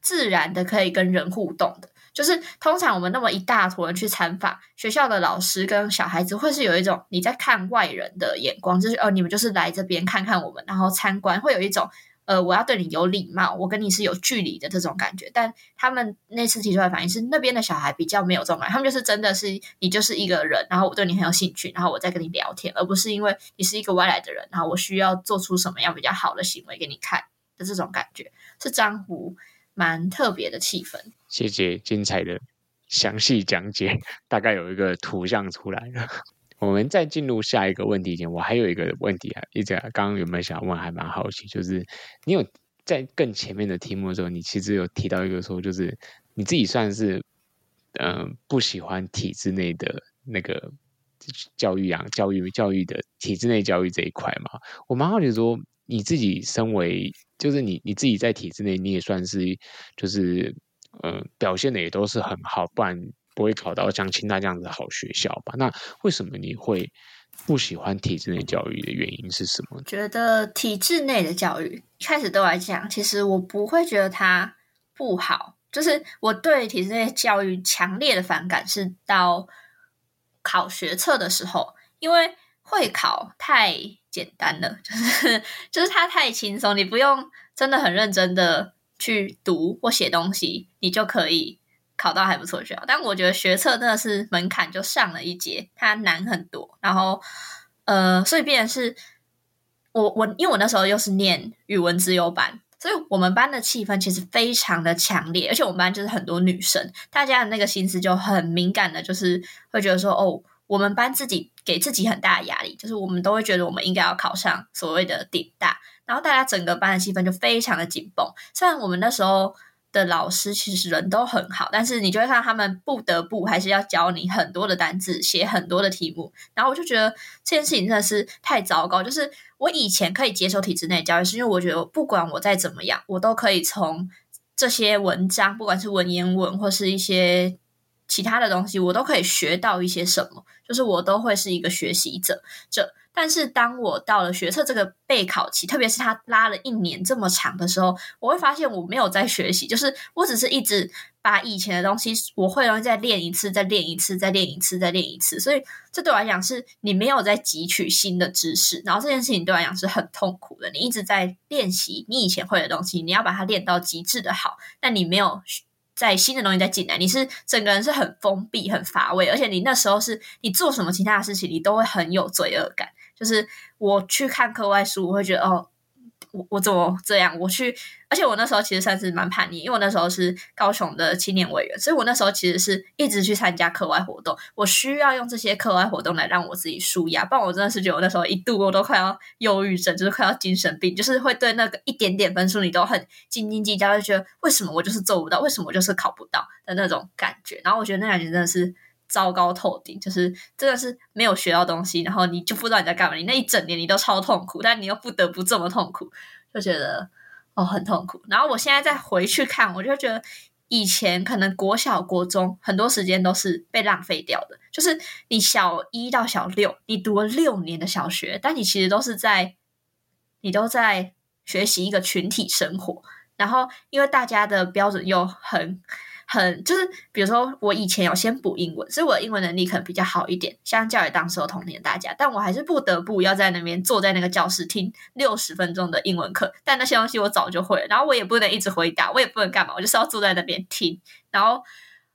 Speaker 1: 自然的可以跟人互動的。就是通常我們那麼一大坨人去參訪學校的老師跟小孩子，會是有一種你在看外人的眼光，就是哦、呃，你們就是來這邊看看我們，然後參觀，會有一種。呃，我要對你有禮貌，我跟你是有距離的這種感覺。但他們那次提出來的反應是，那邊的小孩比較沒有這種感覺，他們就是真的是你就是一個人，然後我對你很有興趣，然後我在跟你聊天，而不是因為你是一個外來的人，然後我需要做出什麼樣比較好的行為給你看的這種感覺，是樟湖蠻特別的氣氛。
Speaker 2: 謝謝精彩的詳細講解，大概有一個圖像出來了。我們再進入下一個問題前，我還有一個問題啊，一直剛剛有沒有想問，還蠻好奇，就是你有在更前面的題目的時候，你其實有提到一個說，就是你自己算是，嗯、呃，不喜歡體制內的那個教育啊，教育教育的體制內教育這一塊嘛，我蠻好奇說，你自己身為，就是你你自己在體制內，你也算是就是，嗯、呃，表現的也都是很好，不然。不會考到像清大這樣子的好學校吧？那為什麼你會不喜歡體制內教育的原因是什麼？
Speaker 1: 覺得體制內的教育一開始對我來講，其實我不會覺得它不好。就是我對體制內教育強烈的反感是到考學測的時候，因為會考太簡單了，就是就是它太輕鬆，你不用真的很認真的去讀或寫東西，你就可以。考到還不錯的學校，但我覺得學測真的是門檻就上了一截，它難很多。然後，呃，所以變成是我我因為我那時候又是念語文資優班，所以我們班的氣氛其實非常的強烈，而且我們班就是很多女生，大家的那個心思就很敏感的，就是會覺得說，哦，我們班自己給自己很大的壓力，就是我們都會覺得我們應該要考上所謂的頂大，然後大家整個班的氣氛就非常的緊繃。雖然我們那時候的老師其實人都很好，但是你就會看到他們不得不還是要教你很多的單字，寫很多的題目。然後我就覺得這件事情真的是太糟糕。就是我以前可以接受體制內教育，是因為我覺得不管我再怎麼樣，我都可以從這些文章，不管是文言文或是一些其他的東西，我都可以學到一些什麼，就是我都會是一個學習者。這。但是當我到了學測這個備考期，特別是它拉了一年這麼長的時候，我會發現我沒有在學習，就是我只是一直把以前的東西，我會的東西再練一次，再練一次，再練一次，再練一次。所以這對我來講是，你沒有在汲取新的知識，然後這件事情對我來講是很痛苦的。你一直在練習你以前會的東西，你要把它練到極致的好，但你沒有在新的東西再進來，你是整個人是很封閉、很乏味，而且你那時候是你做什麼其他的事情，你都會很有罪惡感。就是我去看課外書，我會覺得哦，我我怎麼這樣？我去，而且我那時候其實算是蠻叛逆，因為我那時候是高雄的青年委員，所以我那時候其實是一直去參加課外活動。我需要用這些課外活動來讓我自己舒壓，不然我真的是覺得我那時候一度我都快要憂鬱症，就是快要精神病，就是會對那個一點點分數你都很斤斤計較，就覺得為什麼我就是做不到，為什麼我就是考不到的那種感覺。然後我覺得那感覺真的是。糟糕透頂，就是真的是沒有學到東西，然後你就不知道你在幹嘛，你那一整年你都超痛苦，但你又不得不這麼痛苦，就覺得哦，很痛苦。然後我現在再回去看，我就覺得以前可能國小國中很多時間都是被浪費掉的，就是你小一到小六，你讀了六年的小學，但你其實都是在你都在學習一個群體生活，然後因為大家的標準又很。很就是，比如說我以前有先補英文，所以我的英文能力可能比較好一點，相較於當時的童年的大家。但我還是不得不要在那邊坐在那個教室聽六十分鐘的英文課，但那些東西我早就會了。然後我也不能一直回答，我也不能幹嘛，我就是要坐在那邊聽。然後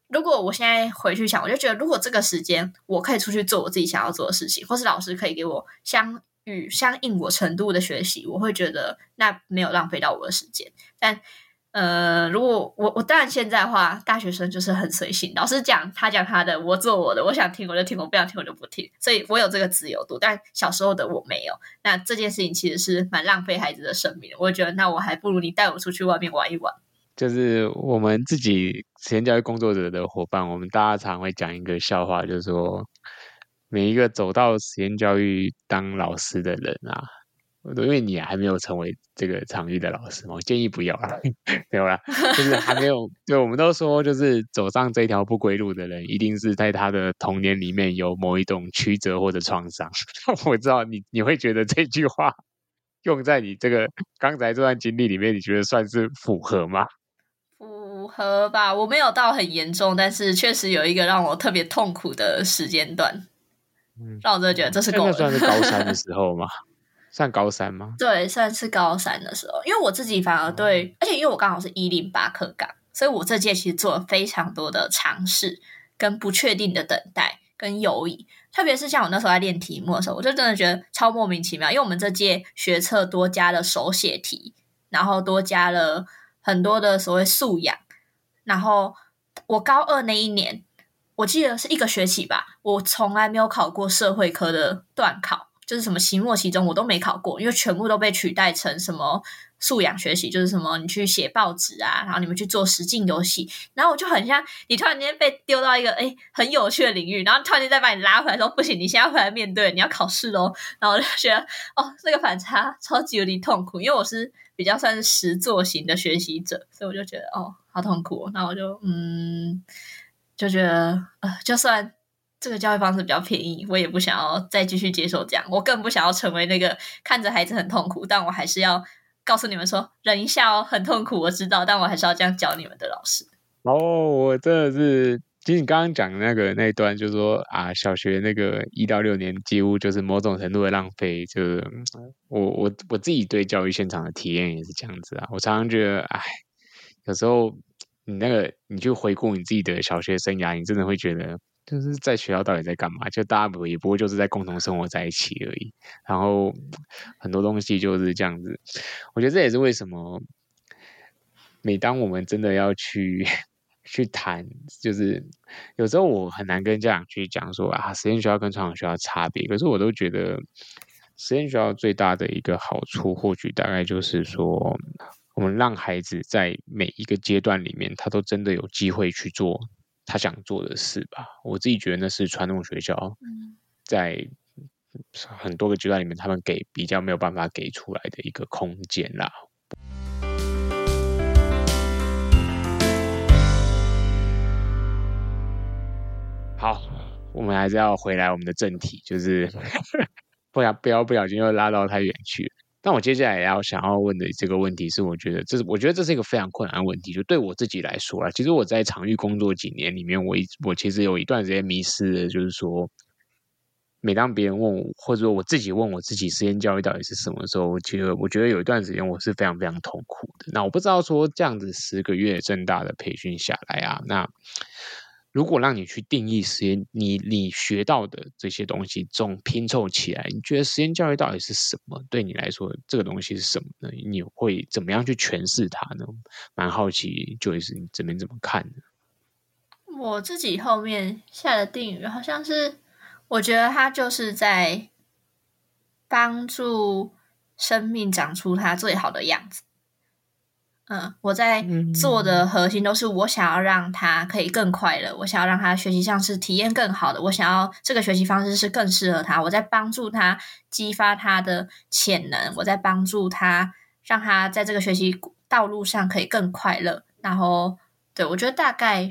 Speaker 1: 如果我現在回去想，我就覺得如果這個時間我可以出去做我自己想要做的事情，或是老師可以給我相與相應我程度的學習，我會覺得那沒有浪費到我的時間。但呃，如果我我當然現在的話，大學生就是很隨性，老師講他講他的，我做我的，我想聽我就聽，我不想聽我就不聽，所以我有這個自由度。但小時候的我沒有，那這件事情其實是蠻浪費孩子的生命。我覺得，那我還不如你帶我出去外面玩一玩。
Speaker 2: 就是我們自己實驗教育工作者的伙伴，我們大家常會講一個笑話，就是說每一個走到實驗教育當老師的人啊。因為你還沒有成為這個場域的老師嘛，我建議不要了，啊， *laughs* 對吧？就是還沒有，就 *laughs* 我們都說，就是走上這條不歸路的人，一定是在他的童年裡面有某一種曲折或者創傷。 *laughs* 我知道你，你會覺得這句話用在你這個剛才這段經歷裡面，你覺得算是符合嗎？
Speaker 1: 符合吧，我沒有到很嚴重，但是確實有一個讓我特別痛苦的時間段，嗯，讓我真的覺得這是夠了。嗯嗯、那算是高三的
Speaker 2: 時候嗎？ *laughs* 算高三嗎？
Speaker 1: 對，算是高三的時候，因為我自己反而對，哦、而且因為我剛好是一零八課綱，所以我這屆其實做了非常多的嘗試，跟不確定的等待，跟猶豫。特別是像我那時候在練題目的時候，我就真的覺得超莫名其妙。因為我們這屆學測多加了手寫題，然後多加了很多的所謂素養。然後我高二那一年，我記得是一個學期吧，我從來沒有考過社會科的段考。就是什麼期末、期中，我都沒考過，因為全部都被取代成什麼素養學習，就是什麼你去寫報紙啊，然後你們去做實境遊戲，然後我就很像你突然間被丟到一個誒很有趣的領域，然後突然間再把你拉回來說，說不行，你現在回來面對，你要考試嘍，然後我就覺得哦，這、那個反差超級有點痛苦，因為我是比較算是實作型的學習者，所以我就覺得哦好痛苦、哦，然後我就嗯就覺得呃，就算。這個教育方式比較便宜，我也不想要再繼續接受這樣，我更不想要成為那個看着孩子很痛苦，但我還是要告訴你們說，忍一下哦，很痛苦，我知道，但我還是要這樣教你們的老師。
Speaker 2: 哦，我真的是，其實你剛剛講的那個那一段，就是說啊，小學那個一到六年幾乎就是某種程度的浪費，就是我我我自己對教育現場的體驗也是這樣子啊。我常常覺得，唉，有時候你那個，你去回顧你自己的小學生涯，你真的會覺得。就是在學校到底在幹嘛？就大家也不過就是在共同生活在一起而已。然後很多東西就是這樣子。我覺得這也是為什麼，每當我們真的要去去談，就是有時候我很難跟家長去講說啊，實驗學校跟傳統學校差別。可是我都覺得實驗學校最大的一個好處，或許大概就是說，我們讓孩子在每一個階段裡面，他都真的有機會去做。他想做的事吧，我自己覺得那是傳統學校在很多個階段裡面，他們給比較沒有辦法給出來的一個空間啦。嗯、好，我們還是要回來我們的正題，就是、嗯、 *laughs* 不要不要不小心又拉到太遠去。那我接下來要想要問的這個問題是，我覺得這是我覺得這是一個非常困難的問題。就對我自己來說啊，其實我在場域工作幾年裡面，我一我其實有一段時間迷失了，就是說，每當別人問我，或者說我自己問我自己，實驗教育到底是什麼時候？其實我覺得有一段時間我是非常非常痛苦的。那我不知道說這樣子十個月政大的培訓下來啊，那。如果讓你去定義實驗，你你學到的這些東西這種拼湊起來，你覺得實驗教育到底是什麼？對你來說，這個東西是什麼呢？你會怎麼樣去詮釋它呢？蠻好奇，就是你這邊怎,怎麼看呢？
Speaker 1: 我自己後面下的定語好像是，我覺得它就是在幫助生命長出它最好的樣子。嗯，我在做的核心都是我想要讓他可以更快樂，mm -hmm. 我想要讓他學習上是體驗更好的，我想要這個學習方式是更適合他。我在幫助他激發他的潛能，我在幫助他讓他在這個學習道路上可以更快樂。然後，對，我覺得大概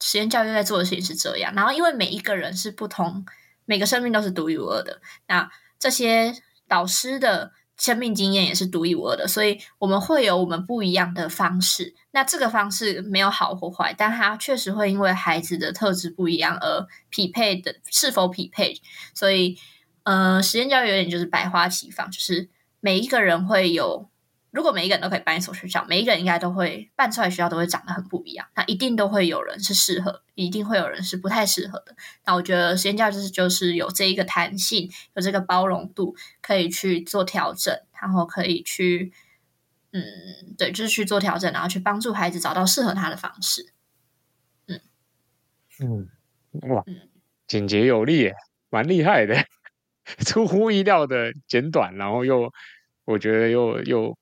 Speaker 1: 實驗教育在做的事情是這樣。然後，因為每一個人是不同，每個生命都是獨一無二的。那這些導師的。生命經驗也是獨一無二的，所以我們會有我們不一樣的方式。那這個方式沒有好或壞，但它確實會因為孩子的特質不一樣而匹配的是否匹配。所以，呃，實驗教育有點就是百花齊放，就是每一個人會有。如果每一個人都可以辦一所學校，每一個人應該都會辦出來學校都會長得很不一樣。那一定都會有人是適合，一定會有人是不太適合的。那我覺得實驗教、就是、就是有這一個彈性，有這個包容度，可以去做調整，然後可以去，嗯，對，就是去做調整，然後去幫助孩子找到適合他的方式。
Speaker 2: 嗯嗯，哇，簡、嗯、潔有力，蠻厲害的， *laughs* 出乎意料的簡短，然後又。我覺得又又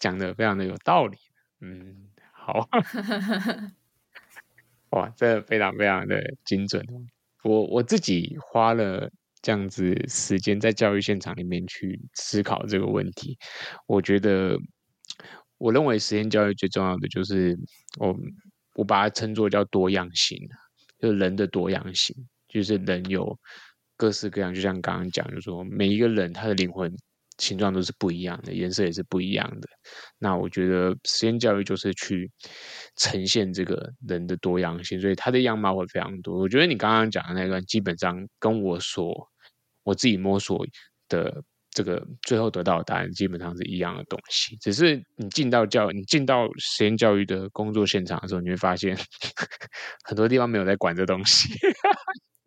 Speaker 2: 講得非常的有道理，嗯，好， *laughs* 哇，這非常非常的精準。我我自己花了這樣子時間在教育現場裡面去思考這個問題，我覺得，我認為實驗教育最重要的就是，我我把它稱作叫多樣性，就是人的多樣性，就是人有各式各樣，就像剛剛講，就是說每一個人他的靈魂。形狀都是不一樣的，顏色也是不一樣的。那我覺得實驗教育就是去呈現這個人的多樣性，所以他的樣貌會非常多。我覺得你剛剛講的那段、個，基本上跟我所我自己摸索的這個最後得到的答案，基本上是一樣的東西。只是你進到教，你進到實驗教育的工作現場的時候，你會發現很多地方沒有在管這東西， *laughs* *laughs*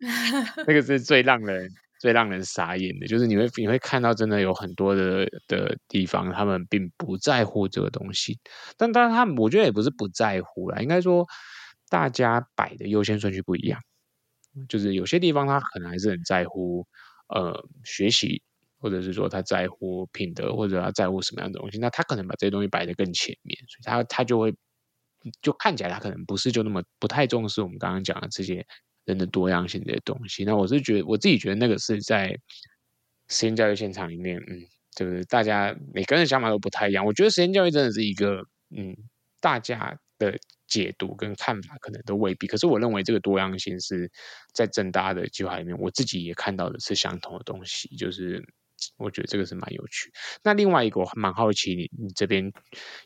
Speaker 2: *laughs* *laughs* 那個是最讓人。最讓人傻眼的就是，你會你會看到，真的有很多的的地方，他們並不在乎這個東西。但當然他，他們我覺得也不是不在乎啦，應該說大家擺的優先順序不一樣。就是有些地方他可能還是很在乎，呃，學習或者是說他在乎品德，或者他在乎什麼樣的東西，那他可能把這些東西擺得更前面，所以他他就會就看起來他可能不是就那麼不太重視我們剛剛講的這些。人的多樣性這些東西，那我是覺得我自己覺得那個是在實驗教育現場裡面，嗯，就是大家每個人的想法都不太一樣。我覺得實驗教育真的是一個，嗯，大家的解讀跟看法可能都未必。可是我認為這個多樣性是在政大的計劃裡面，我自己也看到的是相同的東西，就是。我覺得這個是蠻有趣的。那另外一個，我還蠻好奇你，你你這邊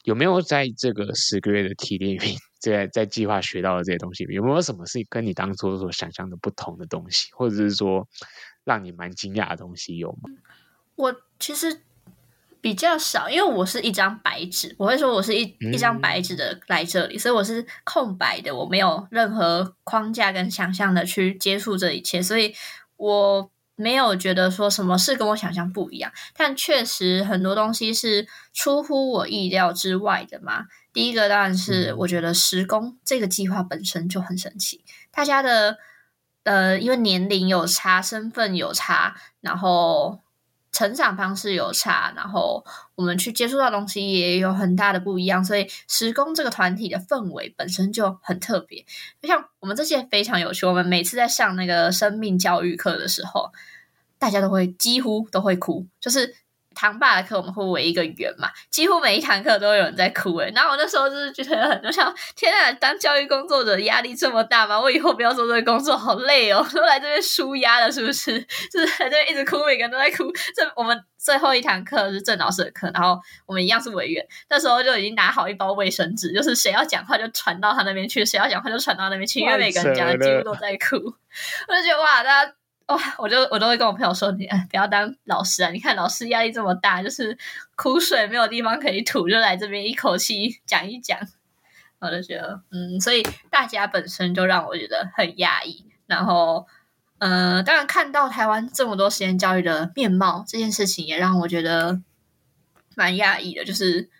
Speaker 2: 有沒有在這個十個月的體驗，在在計劃學到的這些東西，有沒有什麼是跟你當初所想象的不同的東西，或者是說讓你蠻驚訝的東西有嗎？
Speaker 1: 我其實比較少，因為我是一張白紙，我會說我是一、嗯、一張白紙的來這裡，所以我是空白的，我沒有任何框架跟想象的去接觸這一切，所以我。沒有覺得說什麼事跟我想象不一樣，但確實很多東西是出乎我意料之外的嘛。第一個當然是我覺得實工這個計劃本身就很神奇，大家的呃，因為年齡有差，身份有差，然後。成長方式有差，然後我們去接觸到東西也有很大的不一樣，所以實工這個團體的氛圍本身就很特別。就像我們這些非常有趣，我們每次在上那個生命教育課的時候，大家都會幾乎都會哭，就是。堂霸的課我們會圍一個圓嘛，幾乎每一堂課都有人在哭誒，然後我那時候就是覺得很就像天啊，當教育工作者壓力這麼大嗎？我以後不要做這個工作，好累哦，都來這邊舒壓了是不是？就是在這邊一直哭，每個人都在哭。這我們最後一堂課是鄭老師的課，然後我們一樣是圍圓。那時候就已經拿好一包衛生紙，就是誰要講話就傳到他那邊去，誰要講話就傳到他那邊去，因為每個人講的幾乎都在哭，我就覺得哇，大家。哇、哦！我就我都會跟我朋友說：“你，不要當老師啊！你看老師壓力這麼大，就是苦水沒有地方可以吐，就來這邊一口氣講一講。”我就覺得，嗯，所以大家本身就讓我覺得很壓抑。然後，嗯、呃，當然看到台灣這麼多實驗教育的面貌，這件事情也讓我覺得蠻壓抑的。就是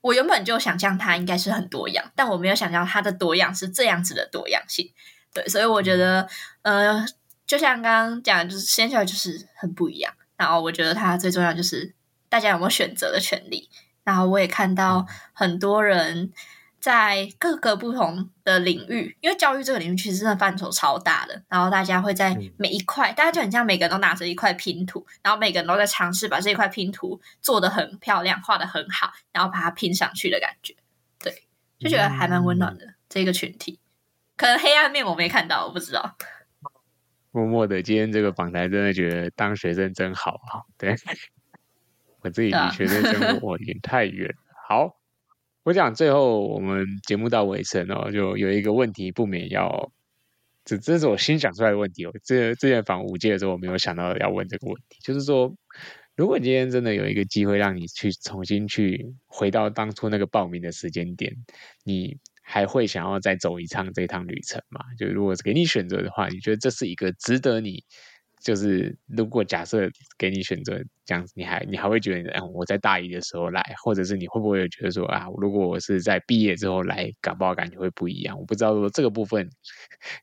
Speaker 1: 我原本就想象它應該是很多樣，但我沒有想象它的多樣是這樣子的多樣性。對，所以我覺得，嗯、呃……就像剛剛講的，就是實驗教育就是很不一樣。然後我覺得它最重要就是大家有沒有選擇的權利。然後我也看到很多人在各個不同的領域，因為教育這個領域其實真的範疇超大的。然後大家會在每一塊，大家就很像每個人都拿着一塊拼圖，然後每個人都在嘗試把這一塊拼圖做得很漂亮，畫得很好，然後把它拼上去的感覺。對，就覺得還蠻溫暖的、嗯、這個群體。可能黑暗面我沒看到，我不知道。
Speaker 2: 默默的，今天這個訪談真的覺得當學生真好啊！對，我自己離學生生活也太遠了。Yeah. *laughs* 好，我想最後我們節目到尾聲哦，就有一個問題不免要，這這是我新想出來的問題哦。這這件訪五屆的時候我沒有想到要問這個問題，就是說，如果你今天真的有一個機會讓你去重新去回到當初那個報名的時間點，你還會想要再走一趟這一趟旅程嘛，就如果給你選擇的話，你覺得這是一個值得你，就是如果假設給你選擇這樣，你還你還會覺得哎，我在大一的時候來，或者是你會不會覺得說啊，如果我是在畢業之後來，搞不好感覺會不一樣？我不知道說這個部分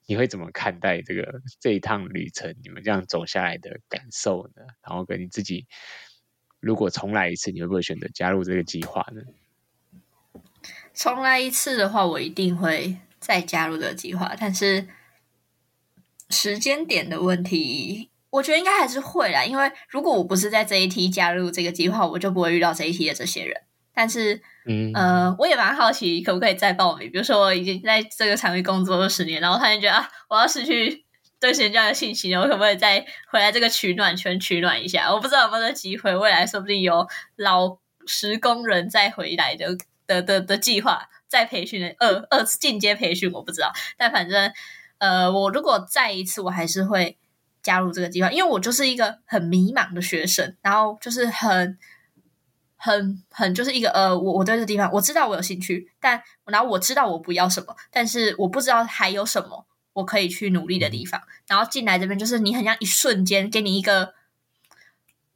Speaker 2: 你會怎麼看待這個這一趟旅程，你們這樣走下來的感受呢？然後給你自己，如果重來一次，你會不會選擇加入這個計劃呢？
Speaker 1: 重來一次的話，我一定會再加入這個計劃，但是時間點的問題，我覺得應該還是會啦。因為如果我不是在這一期加入這個計劃，我就不會遇到這一期的這些人。但是，嗯、呃、我也蠻好奇，可不可以再報名？比如說，我已經在這個產業工作了十年，然後他就覺得啊，我要失去對這、這樣的信心，我可不可以再回來這個取暖圈取暖一下？我不知道有沒有這機會，未來說不定有老實工人再回來的。的的的計劃，在培訓的二二次進階培訓，呃呃、培我不知道，但反正，呃，我如果再一次，我還是會加入這個計劃，因為我就是一個很迷茫的學生，然後就是很，很很就是一個呃，我我對這個地方我知道我有興趣，但然後我知道我不要什麼，但是我不知道還有什麼我可以去努力的地方，然後進來這邊就是你很像一瞬間給你一個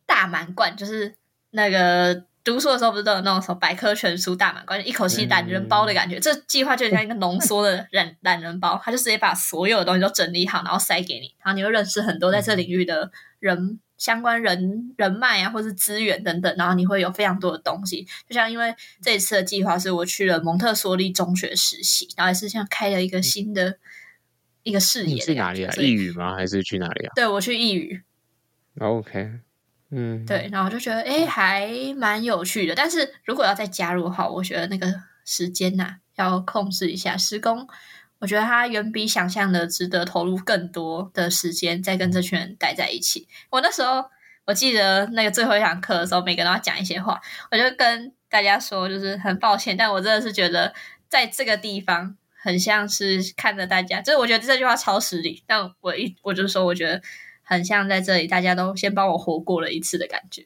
Speaker 1: 大滿貫，就是那個。讀書的時候不是都有那種什麼百科全書大滿貫，一口氣懶人包的感覺？嗯、這計劃就像一個濃縮的懶懶人包，它就直接把所有的東西都整理好，然後塞給你，然後你會認識很多在這領域的人、嗯、相關人人脈啊，或者是資源等等，然後你會有非常多的東西。就像因為這一次的計劃，是我去了蒙特梭利中學實習，然後也是像開了一個新的、嗯、一個視野。你去哪裡啊？異
Speaker 2: 域嗎？還是去哪裡啊？
Speaker 1: 對我去異域。
Speaker 2: Oh, OK。嗯，對，
Speaker 1: 然後我就覺得，誒、欸，還蠻有趣的。但是如果要再加入的話，我覺得那個時間吶、啊，要控制一下。實工，我覺得它遠比想象的值得投入更多的時間在跟這群人待在一起。我那時候，我記得那個最後一堂課的時候，每個人都要講一些話，我就跟大家說，就是很抱歉，但我真的是覺得在這個地方，很像是看着大家，就是我覺得這句話超實力，但我一我就說，我覺得。很像在這裡，大家都先幫我活過了一次的感覺，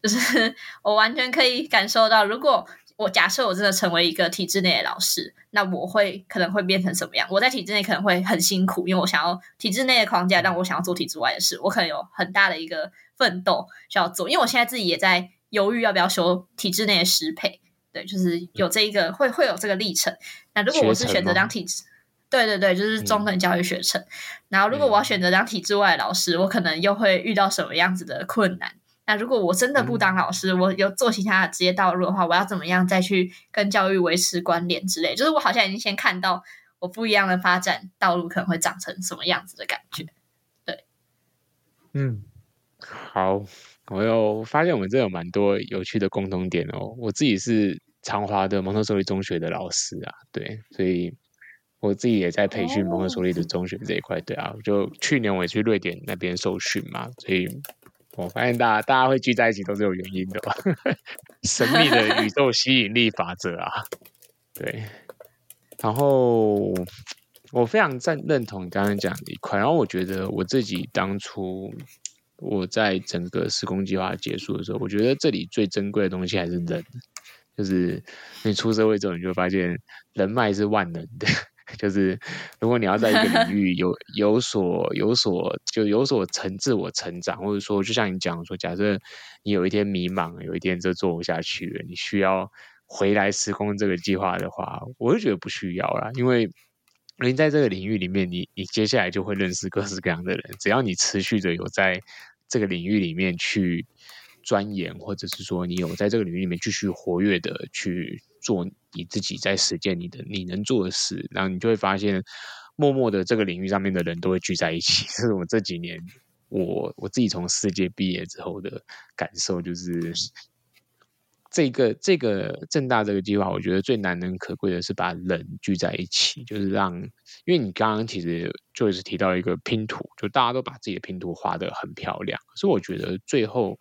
Speaker 1: 就是我完全可以感受到，如果我假設我真的成為一個體制內的老師，那我會可能會變成什麼樣？我在體制內可能會很辛苦，因為我想要體制內的框架，但我想要做體制外的事，我可能有很大的一個奮鬥需要做，因為我現在自己也在猶豫要不要修體制內的師培，對，就是有這一個會會有這個歷程。那如果我是選擇當體制？對對對，就是中等教育學程。嗯、然後，如果我要選擇當體制外老師，嗯，我可能又會遇到什麼樣子的困難？那如果我真的不當老師，嗯、我有做其他職業道路的話，我要怎麼樣再去跟教育維持關聯之類？就是我好像已經先看到我不一樣的發展道路可能會長成什麼樣子的感覺。對，
Speaker 2: 嗯，好，我又發現我們這有蠻多有趣的共同點哦。我自己是長華的蒙特梭利中學的老師啊，對，所以。我自己也在培訓蒙特梭利的中學這一塊，對啊，我就去年我也去瑞典那邊受訓嘛，所以我發現大家大家會聚在一起都是有原因的哦， *laughs* 神秘的宇宙吸引力法則啊。 *laughs* 對，然後我非常贊認同你剛剛講的一塊，然後我覺得我自己當初我在整個施工計劃結束的時候，我覺得這裡最珍貴的東西還是人，就是你出社會之後，你就會發現人脈是萬能的。 *laughs* 就是，如果你要在一個領域有有所有所就有所成，自我成長，或者說就像你講說，假設你有一天迷茫，有一天就做不下去了，你需要回來實工這個計劃的話，我就覺得不需要啦，因為你在這個領域裡面，你你接下來就會認識各式各樣的人，只要你持續的有在這個領域裡面去鑽研，或者是說你有在這個領域裡面繼續活躍的去做。你自己在實踐你的你能做的事，然後你就會發現，默默的這個領域上面的人都會聚在一起。這是我這幾年我我自己從實工畢業之後的感受，就是這個這個政大這個計劃，我覺得最難能可貴的是把人聚在一起，就是讓因為你剛剛其實就是提到一個拼圖，就大家都把自己的拼圖畫得很漂亮，所以我覺得最後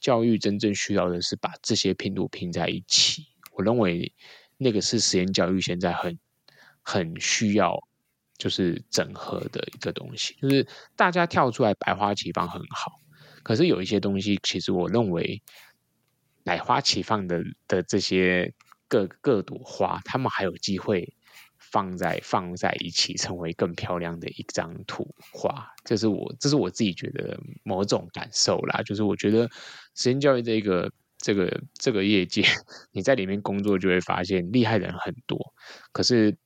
Speaker 2: 教育真正需要的是把這些拼圖拼在一起。我認為。那個是實驗教育現在很很需要，就是整合的一個東西。就是大家跳出來百花齊放很好，可是有一些東西，其實我認為，百花齊放的的這些各各朵花，他們還有機會放在放在一起，成為更漂亮的一張圖畫。這是我，這是我自己覺得某種感受啦。就是我覺得實驗教育這個。這個這個業界，你在裡面工作就會發現厲害的人很多，可是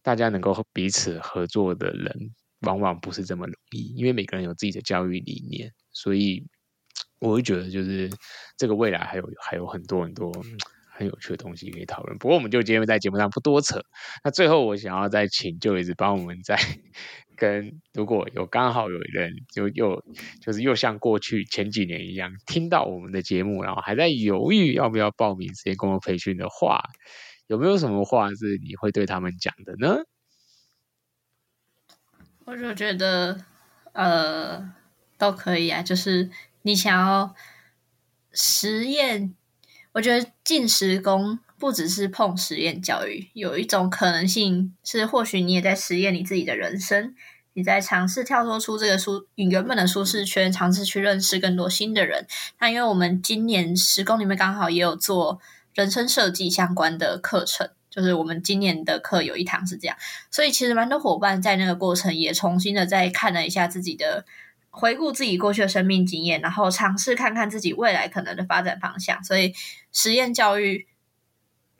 Speaker 2: 大家能夠彼此合作的人，往往不是這麼容易，因為每個人有自己的教育理念，所以我會覺得就是這個未來還有還有很多很多。很有趣的東西可以討論，不過我們就今天在節目上不多扯。那最後我想要再請，就一直幫我們在跟，如果有剛好有人又又就，就是又像過去前幾年一樣，聽到我們的節目，然後還在猶豫要不要報名實驗工作培訓的話，有沒有什麼話是你會對他們講的呢？
Speaker 1: 我就覺得呃都可以啊，就是你想要實驗。我覺得進實工不只是碰實驗教育，有一種可能性是，或許你也在實驗你自己的人生，你在嘗試跳脫出這個舒你原本的舒適圈，嘗試去認識更多新的人。那因為我們今年實工裡面剛好也有做人生設計相關的課程，就是我們今年的課有一堂是這樣，所以其實蠻多夥伴在那個過程也重新的再看了一下自己的，回顧自己過去的生命經驗，然後嘗試看看自己未來可能的發展方向。所以，實驗教育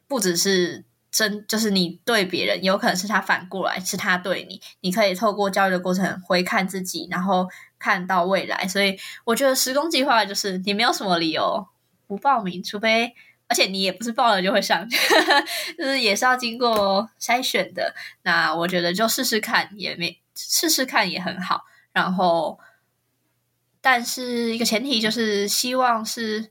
Speaker 1: 不只是真，就是你對別人，有可能是他反過來是他對你。你可以透過教育的過程回看自己，然後看到未來。所以，我覺得實工計劃就是你沒有什麼理由不報名，除非而且你也不是報了就會上， *laughs* 就是也是要經過篩選的。那我覺得就試試看，也沒試試看也很好。然後。但是一個前提就是，希望是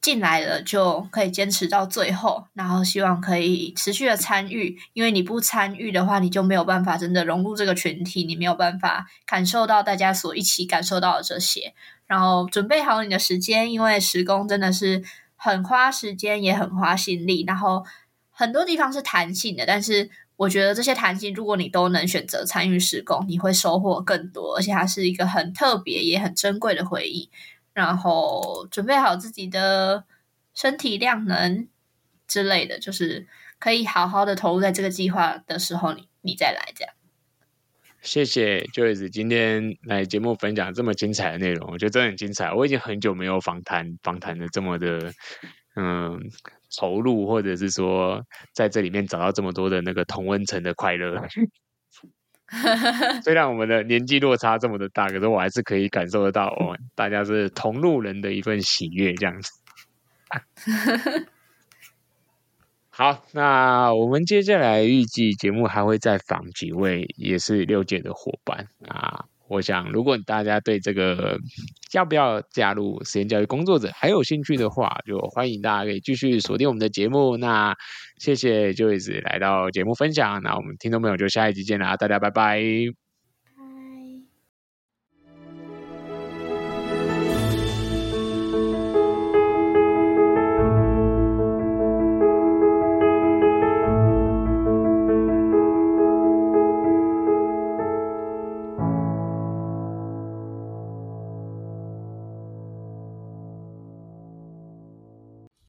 Speaker 1: 進來了就可以堅持到最後，然後希望可以持續的參與，因為你不參與的話，你就沒有辦法真的融入這個群體，你沒有辦法感受到大家所一起感受到的這些。然後準備好你的時間，因為實工真的是很花時間，也很花心力，然後很多地方是彈性的，但是。我覺得這些彈性，如果你都能選擇參與實工，你會收穫更多，而且它是一個很特別也很珍貴的回憶。然後準備好自己的身體量能之類的，就是可以好好的投入在這個計劃的時候你，你你再來這樣。
Speaker 2: 謝謝 Joyce 今天來節目分享這麼精彩的內容，我覺得真的很精彩。我已經很久沒有訪談訪談的這麼的，嗯。投入，或者是說，在這裡面找到這麼多的那個同溫層的快樂。 *laughs* 雖然我們的年紀落差這麼的大，可是我還是可以感受得到，哦，大家是同路人的一份喜悅，這樣子。 *laughs* 好，那我們接下來預計節目還會再訪幾位，也是六屆的夥伴啊。我想，如果大家對這個要不要加入實驗教育工作者還有興趣的話，就歡迎大家可以繼續鎖定我們的節目。那謝謝 Joyce 來到節目分享。那我們聽眾朋友就下一期見了，大家拜拜。